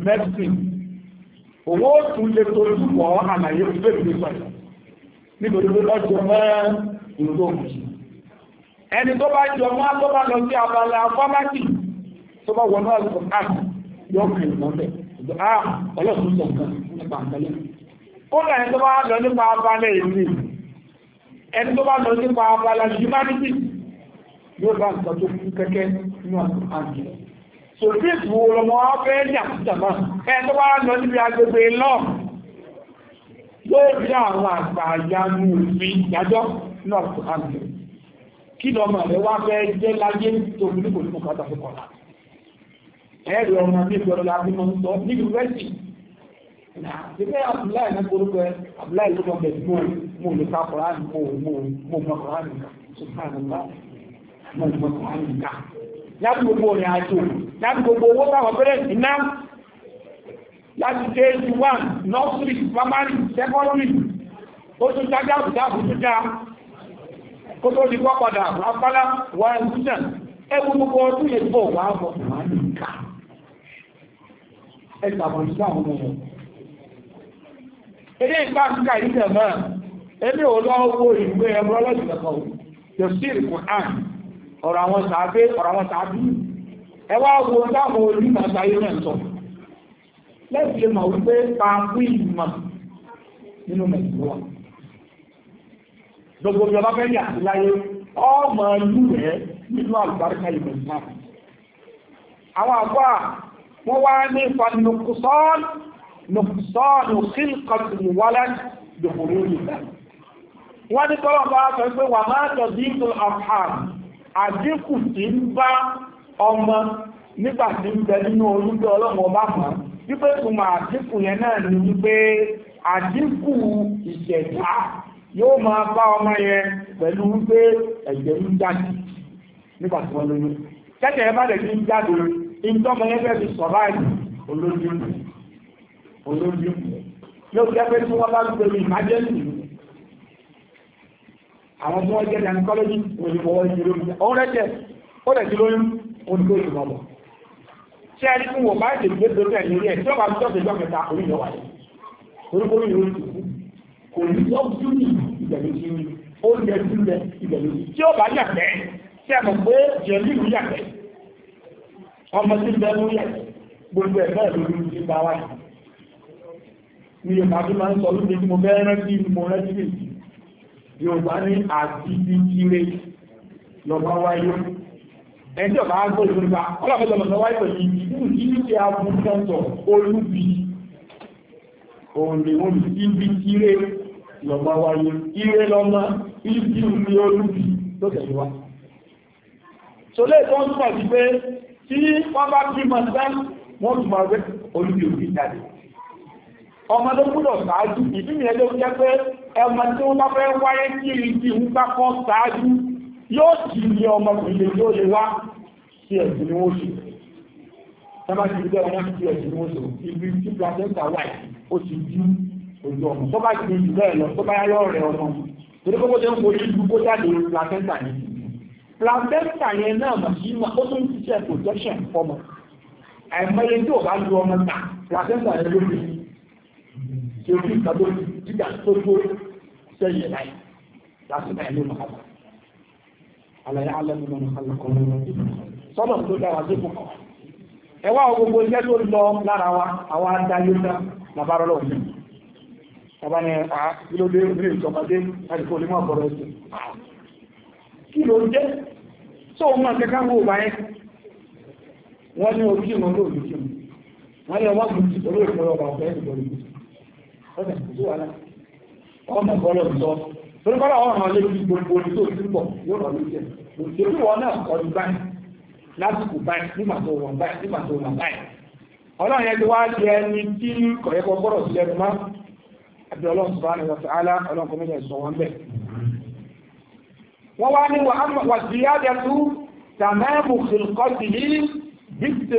medicine owó tún lè torí pọ̀ àlàyé fẹ́ẹ̀fẹ́ pẹ̀lú nítorí pé lọ́jọ́ mọ́ ìlú òkùnkùn ẹni tó bá jọ mọ́ tó bá lọ sí abala fámákì tó bá wọnú àlùkò àmì ah, yóò kàn ìmọ̀ bẹ̀ ah, ọlọ́sùn sọ nǹkan nípa àtẹlẹ́ kódà ẹni tó bá lọ nípa abala èmi tó bá lọ nípa humanity yóò bá nǹkan tó fún kẹ́kẹ́ nínú àjẹ́ sòfíìsì wo lọmọ wa fẹ́ ní àkútà náà ẹ tó bá lọ níbi agbègbè náà yóò rí àwọn àgbà àyanu òfin ìdájọ́ nínú àjẹ́ kí lọmọ rẹ wá fẹ́ jẹ́ láyé tóbi ní kò ní bùkátà fún kọ̀ọ̀lá ẹ̀rọ ọmọ ní ìgbọ̀rọ̀ láti mọ́ ń sọ ní yunifásitì ìgbẹ́ àbúláì náà korúkọ àbúláì ló kọ́ bẹ̀rẹ̀ mọ́ mọ́ olùkọ́ àkọ́rá mọ́ mọ́ mọ́ mọ́ àkọ́rá nìkan láti gbogbo òrìn àjò láti gbogbo owó táwọn pẹ́rẹ́ ìná láti déèjì 1 nursery primary secondary ó tún dájá òdáàbò tó kó tó di pọ́ padà wà ìrúnà ẹgbù gbogbo ọdún lè bọ̀ wà á mọ́ ọ̀rọ̀ àwọn sàábé ọ̀rọ̀ àwọn sàábí ẹwà ọgbọ̀ táwọn olùmọ̀ sáyé náà sọ lẹ́sì lè mọ̀ wípé pàápù ìmọ̀ nínú mẹ̀síwá gbogbo bí ọba fẹ́yà sí láyé ọmọ ìlú rẹ̀ nínú àlùbáríkà ìmọ̀ ìmọ̀ àwọn àgbà wọ́n wá ní fanukusọ́ọ̀nù nùkùsọ́ọ̀nù kílkọ̀tù wọlé dòkòrò ìlú wọ́n ní kọ́lọ̀ bá sọ pé wà máa tọ̀ àdínkù tí ń bá ọmọ nígbà tí ń bẹ nínú olúgbé ọlọ́mọ bá mọ̀ wípé túnmọ̀ àdínkù yẹn náà ni wípé àdínkù ìṣẹ̀dá yóò máa bá ọmọ yẹn pẹ̀lú wípé ẹ̀jẹ̀ ń jáde nígbà tí wọ́n lóyún kẹ́kẹ̀ ẹ bá lè fi ń jáde ìjọmọ yẹn fẹ́ fi sọ̀rọ̀ olóyún olóyún ló jẹ́ pé tí wọ́n bá gbé ìmájẹ́sì àwọn tí wọ́n jẹ́ gynecology òṣìfọwọ́ ìṣẹ́lórí ọ̀hún rẹ̀jẹ̀ ó rẹ̀ sí lóyún olùkó ìṣùmọ̀bọ̀ tí a rí fún wọ̀n bá ṣe gbé torí ẹ̀ lórí ẹ̀ tí ó bá tọ́ sí jọ́kẹta orí ìyọ̀wà rẹ̀ orúkọ orí ìròyìn kò ní ọ́pù ní ìgbẹ̀lódì ní oúnjẹ sílẹ̀ ìgbẹ̀lódì Yorùbá ní àdìdì ire lọ́ba wáyé ẹni ọ̀bá gbọ́ ìgbà ọlọ́pẹ́ lọ́mọ wáyé pẹ̀lú ìdíkù tí ní ṣe abúkọ́ntọ̀ olúbi òǹdè olù ibi ire lọ́ba wáyé ire lọ́mọ ibi ní olúbi tó tẹ̀lé wá so lè tó ń túnmọ̀ sí pé tí wọ́n bá bí mọ̀ sẹ́m wọ́n túnmọ̀ rẹ̀ olúbi òbí jáde ọmọ ló gbúdọ̀ ṣáájú ìdí nìyẹn ló jẹ́ pé ẹmọ tí wọ́n bá fẹ́ wáyé kí ìdí ń bá kọ́ ṣáájú yóò sì ní ọmọ ìlẹ̀ tó lè wá sí ẹ̀sìn ni wọ́n ṣe sábà ti gbé ọmọ sí ẹ̀sìn ni wọ́n ṣe ibi tí placenta wà ó ti dí ojú ọmọ tó bá ti jù bẹ́ẹ̀ lọ tó bá yáyọ́ rẹ̀ ọmọ torí pé bó ṣe ń borí ju kó jáde placenta yẹn placenta yẹn náà mà sí ma ó tún ṣiṣẹ́ protection fọmọ àìmọye tí ò bá lu ọmọ ta placenta yẹn ló fi tí ojú ìgbà tó tó tó sẹ́yìn kan sọ́nà tó dára ẹwà tó lọ lára wa àwọn adáyé ọba ni a kíló dé ní ìjọmọdé láti kó onímọ̀ ọ̀pọ̀rọ̀ ẹ̀sìn kí ló jẹ́ tó mọ̀ kẹ́kẹ́ wò báyẹn wọ́n ní ojú ìmọ̀ lóòrùn wọ́n ní ọmọ ọ̀sẹ̀ kò sí wàhálà ọmọ ìbọ́lọ̀ sọ torí bọ́lá ọ̀rọ̀ àwọn olóògbé gbogbo orí tó ti pọ̀ yóò rọ̀ ló jẹ́ òṣèlú wọn náà kọ́ ní báyìí lásìkò báyìí nígbà tó wọ̀n báyìí nígbà tó wọ̀n báyìí ọlọ́run yẹn ti wá di ẹni tí kọ̀yẹ́kọ́ gbọ́dọ̀ sí ẹnu mọ́ àti ọlọ́run subhanahu wa ta'ala ọlọ́run kò méjì sọ wọn bẹ́ẹ̀. wọ́n wá ní wà sí yájẹ́tú tàmẹ́mù kìlkọ́tì ní bísí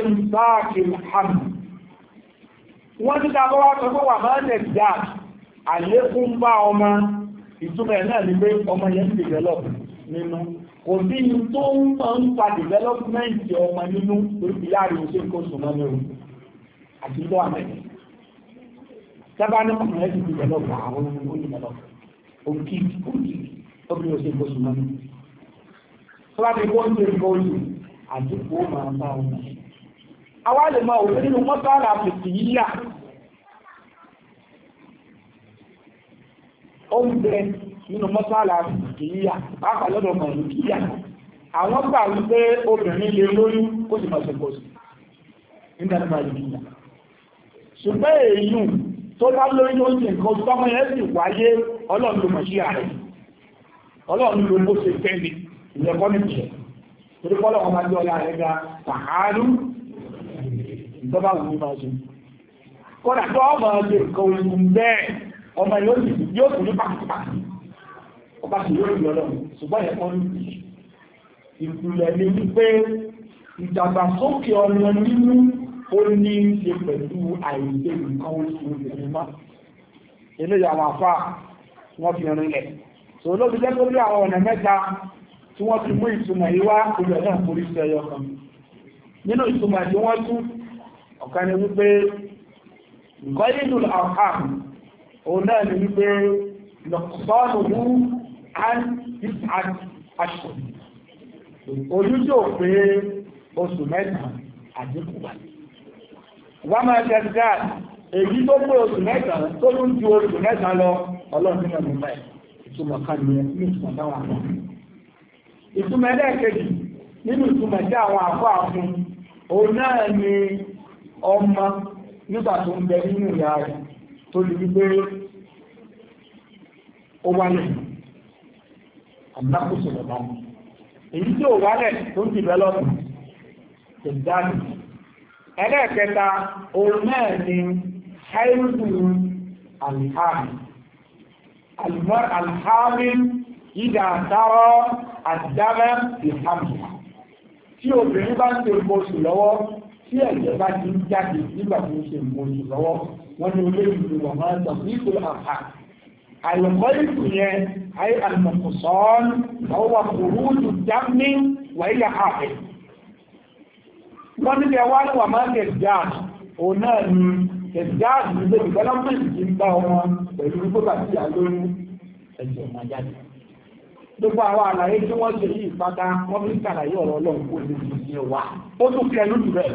wọ́n ti ta bọ́wá sọ pé wà máa tẹ̀ dá àlékún bá ọmọ ìtumọ̀ náà ni pé ọmọ yẹn ti develop nínú kò sí ní tó ń máa ń fa development ọmọ nínú orí láàrin òṣèlú kò sùn mọ́ ní òun àti ìlú àmẹ́yẹ sábà ní ọmọ yẹn ti develop àwọn olùmọ̀lọ́ òkì òkì obìnrin òṣèlú kò sùn mọ́ ní. sábà ní kó ń tẹ̀lé bọ́ọ̀lù àti kó máa bá ọmọ yẹn. àwa lè máa òfin nínú mọ́sálà fìtì yíyà ó nínú mọ́sálà fìtì yíyà pàápàá lọ́dọ̀ mọ̀lú yíyà àwọn gbà wípé obìnrin lè lóyún kó sì máa ṣèkó sí nígbà tí máa yíyà ṣùgbọ́n èèyàn tó bá lóyún ó sì nǹkan ọmọ ajọ́ ọlá rẹ̀ ga tàhálù tọ́bá ìdàgbàsókè ọmọ nínú ó ní ṣe pẹ̀lú àìsè nǹkan oṣù ìrìnmá eléyà àwọn àfà wọ́n fi rinlẹ̀ tó lóbi jẹ́ àwọn ọ̀nà mẹ́ta tí wọ́n ti mú ìtumọ̀ yìí wá ọ̀kan ni wípé gọ́yìnlù alham òun náà ni wípé lọ́sọ́nù mú an isaac ashton ojú tí ó pé oṣù mẹ́ta àdínkù wà wọ́n máa gẹ́gẹ́ èyí tó pé oṣù mẹ́ta tó ń ju oṣù mẹ́ta lọ ọlọ́run nínú ọmọ ẹ̀ ìtumọ̀ kan ní ìtumọ̀ táwọn àpọ̀ ìtumọ̀ ẹlẹ́ẹ̀kejì nínú ìtumọ̀ tí àwọn àpọ̀ àfún òun náà ni ọmọ nígbà tó ń bẹ nínú ìyá rẹ̀ tó lè wípé ó wálẹ̀ àmàkóso lọ́ba èyí tí ò wálẹ̀ tó ń dìbẹ́lọ́pù ìdáàbò ẹlẹ́ẹ̀kẹta òun náà ni haidu alhami almar alhami ìdá àtàrọ àdámẹ́ ìhàmù tí obìnrin bá ń tẹ oṣù lọ́wọ́ tí ẹ̀jẹ̀ bá ti ń jáde nígbà tó ń ṣe ìmòjì lọ́wọ́ wọ́n ní olóyìn ni wọ́n máa ń sọ ní ìpele àpá àlùkò ìlú yẹn ayé àlùmọ̀kù sọ́ọ́n àwọn wà kòrúùdù dámí wàíyà àpẹ wọ́n níbi ẹwà ni wà máa ń tẹ̀síjáàd òun náà ni tẹ̀síjáàd ní bẹ́ẹ̀ development ti ń bá wọn pẹ̀lú gbọ́dọ̀ àti àlóyún ẹ̀jẹ̀ máa jáde gbogbo àwọn àlàyé tí wọ́n ṣe yìí pátá wọ́n fi ń kàlàyé ọ̀rọ̀ ọlọ́run kó lè fi ṣe ó tún kẹnu jù bẹ́ẹ̀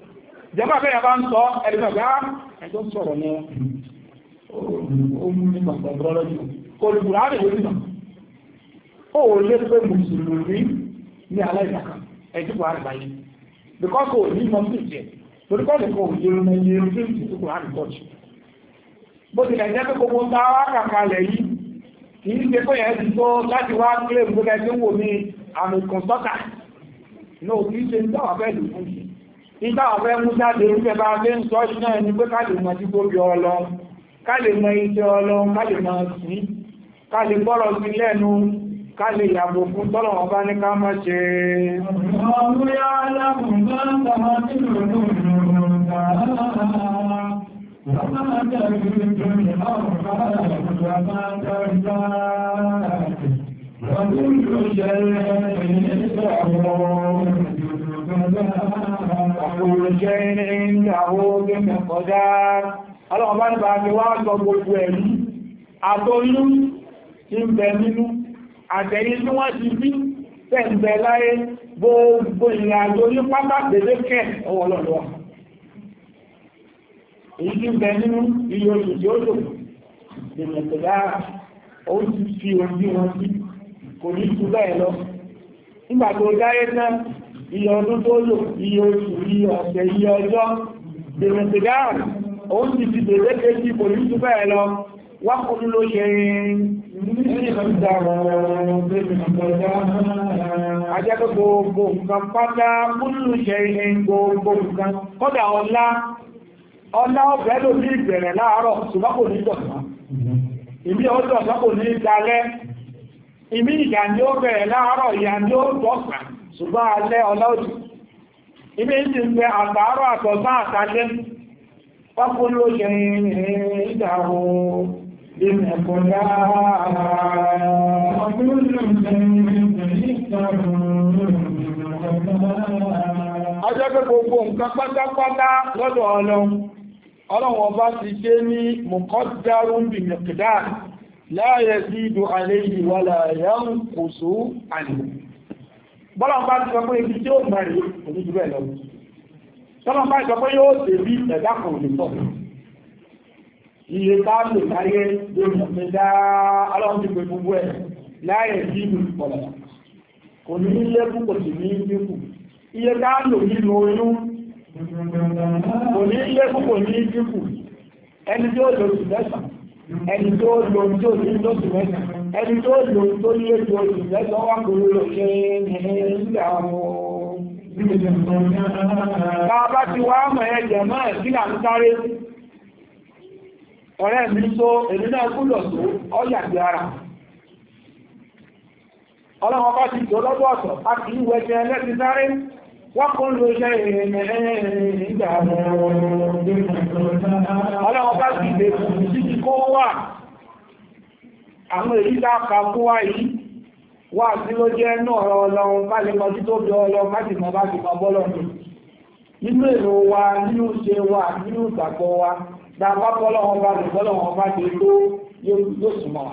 ìjọba bẹ́ẹ̀ bá ń sọ ẹ̀rìnàgbá ẹjọ́ sọ̀rọ̀ ní ohun nípa ọ̀dọ́rọ́lọ́jù olùgbùrá rẹ̀ lórí náà ó lé pé mùsùlùmí ní aláìsàkà ẹjọ́ buhari báyìí bíkọ́ kò ní mọ́ sí ìjẹ́ torí kọ́ nìkan òye ọmọ iye orí tí ó buhari bọ́ọ̀jù bó ti lẹ̀jẹ́ pé gbogbo ta wá kàkà lẹ̀ yìí kì í ṣe pé ẹ̀ ti tó láti wá kílè gbogbo ẹgbẹ́ wò ní àmì kọ̀ǹtọ́kà náà kì í ṣe ń dáwà bẹ́ẹ̀ lù fún yìí nígbà ọ̀fẹ́ mú jáde wípé bá lé ń tọ́jú náà ní pé káàlè mọ̀ tí gbóbi ọlọ́run káàlè mọ iṣẹ́ ọlọ́run káàlè mọ̀ sí káàlè bọ́rọ̀ sí lẹ́nu káàlè yàgò fún tọ́lọ̀ ọba ní ká mọ́ ṣe Ọdún ìlú jẹ́ ẹni ẹ̀sẹ̀ àwọn ọmọ Ọ̀pọ̀lọ̀ jẹ́ ní àwọn ogun ọ̀dá. Ọlọ́run bá ń bá fi wá gbọ́ gbogbo ẹ̀rí. Àtọ́yún ti ń bẹ nínú, àtẹ̀yí tí wọ́n ti bí tẹ́ ń bẹ láyé gbogbo ìrìnàjò ní pátá gbèdékẹ̀ ọwọ́ lọ́dọ̀. Èyí ti ń bẹ nínú iye oṣù tí ó lò, ìrìnàjò ó ti fi ojú wọn sí, kò ní tú bẹ́ẹ̀ lọ. Nígbà tó dáyé náà, iye ọdún tó lò iye oṣù iye ọ̀sẹ̀ iye ọjọ́ dèmẹ̀tẹ̀dáàrùn òun ti ti bèèrè kéjì kò ní jù bẹ́ẹ̀ lọ wákùn ló yẹ Ajẹ́kọ́ gbogbo nǹkan pátá múlù ṣe ìhìn gbogbo nǹkan, kọ́dà ọlá, ọlá ọ̀fẹ́ ló ní ìbẹ̀rẹ̀ láàárọ̀ ṣùgbọ́kò ní ìjọ̀sán. Ìbí ọjọ́ ṣọ́kò ní ìdálẹ́, ìmí ìyà ni ó bẹ̀rẹ̀ láàárọ̀ ìyà ni ó jọ̀sán ṣùgbọ́n alẹ́ ọlọ́dì ibi ń ti gbẹ àtàárọ̀ àtọ̀gbọ́n àtàlẹ́ pápólú ṣe ìdáhù ìmẹ̀kùnlá ọjọ́ pé gbogbo nǹkan pátápátá lọ́dọ̀ ọlọ́run ọlọ́run ọba ti ṣe ní mọ̀kọ́dárún bí mẹ̀kìdá láàrẹ̀ sí ìdò àlẹ́ ìwàlà yẹn kò só àlè bọ́lọ̀n bá ti sọ pé ibi tí ó mẹ́rin kò ní jù bẹ́ẹ̀ lọ tọ́lọ̀n bá ìsọ pé yóò tè bí ẹ̀dá kan lè sọ iye ká lè láyé lórí ọ̀pẹ dá aláwọ̀n ti pè gbogbo ẹ̀ láyé sí ìlú ìpọ̀lọ̀ kò ní ilé kú kò sì ní ilé kù iye ká lò nínú oyún kò ní ilé kú kò ẹni tó lò tó lé tó ìgbẹ́jọ́ wá kúrò lọ ṣe àwọn ti wá mọ̀ ẹ̀jẹ̀ mọ́ ẹ̀ sí là ń sáré ọ̀rẹ́ mi tó èdè náà kúlọ̀ tó ọ̀yàgbé ara ọlọ́wọ́n bá ti tó lọ́dọ̀ ọ̀tọ̀ àwọn èyí dáka fún wá yìí wà sí ló jẹ́ náà ọlọ́run bá lè mọjú tó bí ọlọ́run bá sì mọ bá sì mọ bọ́lọ̀ nínú èrò wa nínú ṣe wa nínú ìgbàgbọ́ wa dábá bọ́lọ́run bá lè bọ́lọ́run bá lè tó yóò súnmọ́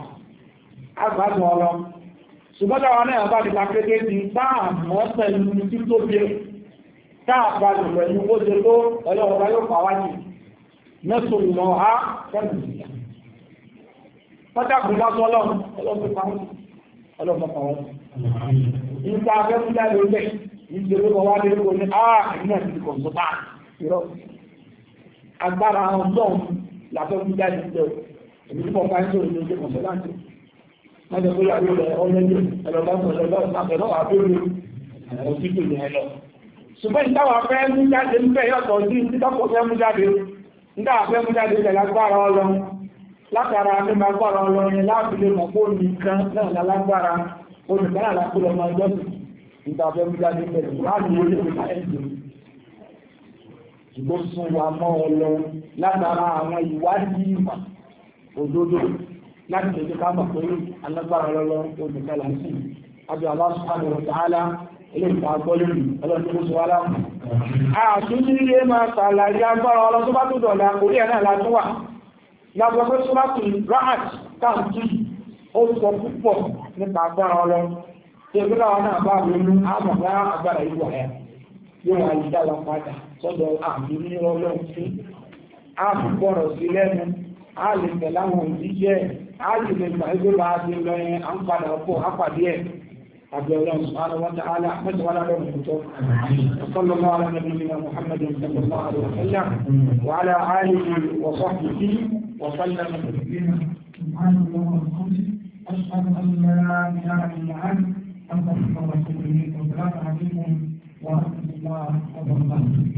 pọ́tàkùn lọ́sọ́ ọlọ́run ọlọ́run pa wọ́n ọlọ́run pa wọ́n. ìgbà abẹ́kúndà ló bẹ̀ ìṣòro kan wá lé lóko ní áà ìmọ̀ ìdí kan tó bá irọ́. agbára àwọn ọ̀dọ́n làbẹ́kúndà ló bẹ̀ èmi tí mo bá ń sọ̀rọ̀ ló ń ṣe kọ̀ǹsọ̀láńtì. wọ́n ti kóyà ló lọ ọlọ́dún ẹlọ́dún ẹlọ́dún ẹlọ́dún ṣùgbọ́n ìtawà fẹ́ mú jáde ń bẹ̀ yọ̀tọ̀ sí ìtọ́kọ̀ fẹ́ mú jáde ń dáwà fẹ́ mú jáde ìtẹ̀lágbára ọlọ́run látara ní magbára ọlọ́rin láàbílé mọ̀pó nìkan náà lálágbára olùkọ́ àlápọ̀lọ́ máa jọ́sìn ìgbàfẹ́ mújáde pẹ̀lú láàrin orí ìgbà ẹ̀sìn ìgbó sún wa mọ́ ọlọ látara àwọn ìwádìí ìmọ̀ òdodo láti lè ká mọ̀ pé alágbára lọ́lọ́ olùkọ́ làásì àti Allah subhanahu wa ta'ala ilé ìta gbọ́lùmí ọlọ́dún tó wá láàmù. àtúndí ilé máa tààlà ìyá agbára ọlọ́ tó bá tó dọ̀la orí ẹ̀ náà látún lábọ́ pé súnmọ́tò rahat káàkiri ó sọ púpọ̀ nípa agbára ọlọ́ tí ẹgbẹ́ náà bá ronú àmọ̀ bá agbára ya ẹ̀ yóò wá yídá wa padà sọ́dọ̀ àmì ní ọlọ́run sí sí lẹ́nu a lè tẹ̀láwọn a lè lè gbà ẹgbẹ́ bá a ti lọ yẹn à ń padà ẹ̀ عبد الله سبحانه وتعالى احمد ولا لون الكتب وصلى الله على نبينا محمد صلى الله عليه وسلم وعلى اله وصحبه وسلم تسليما سبحان الله وبحمده اشهد ان لا اله الا انت استغفرك واتوب اليك والسلام عليكم ورحمه الله وبركاته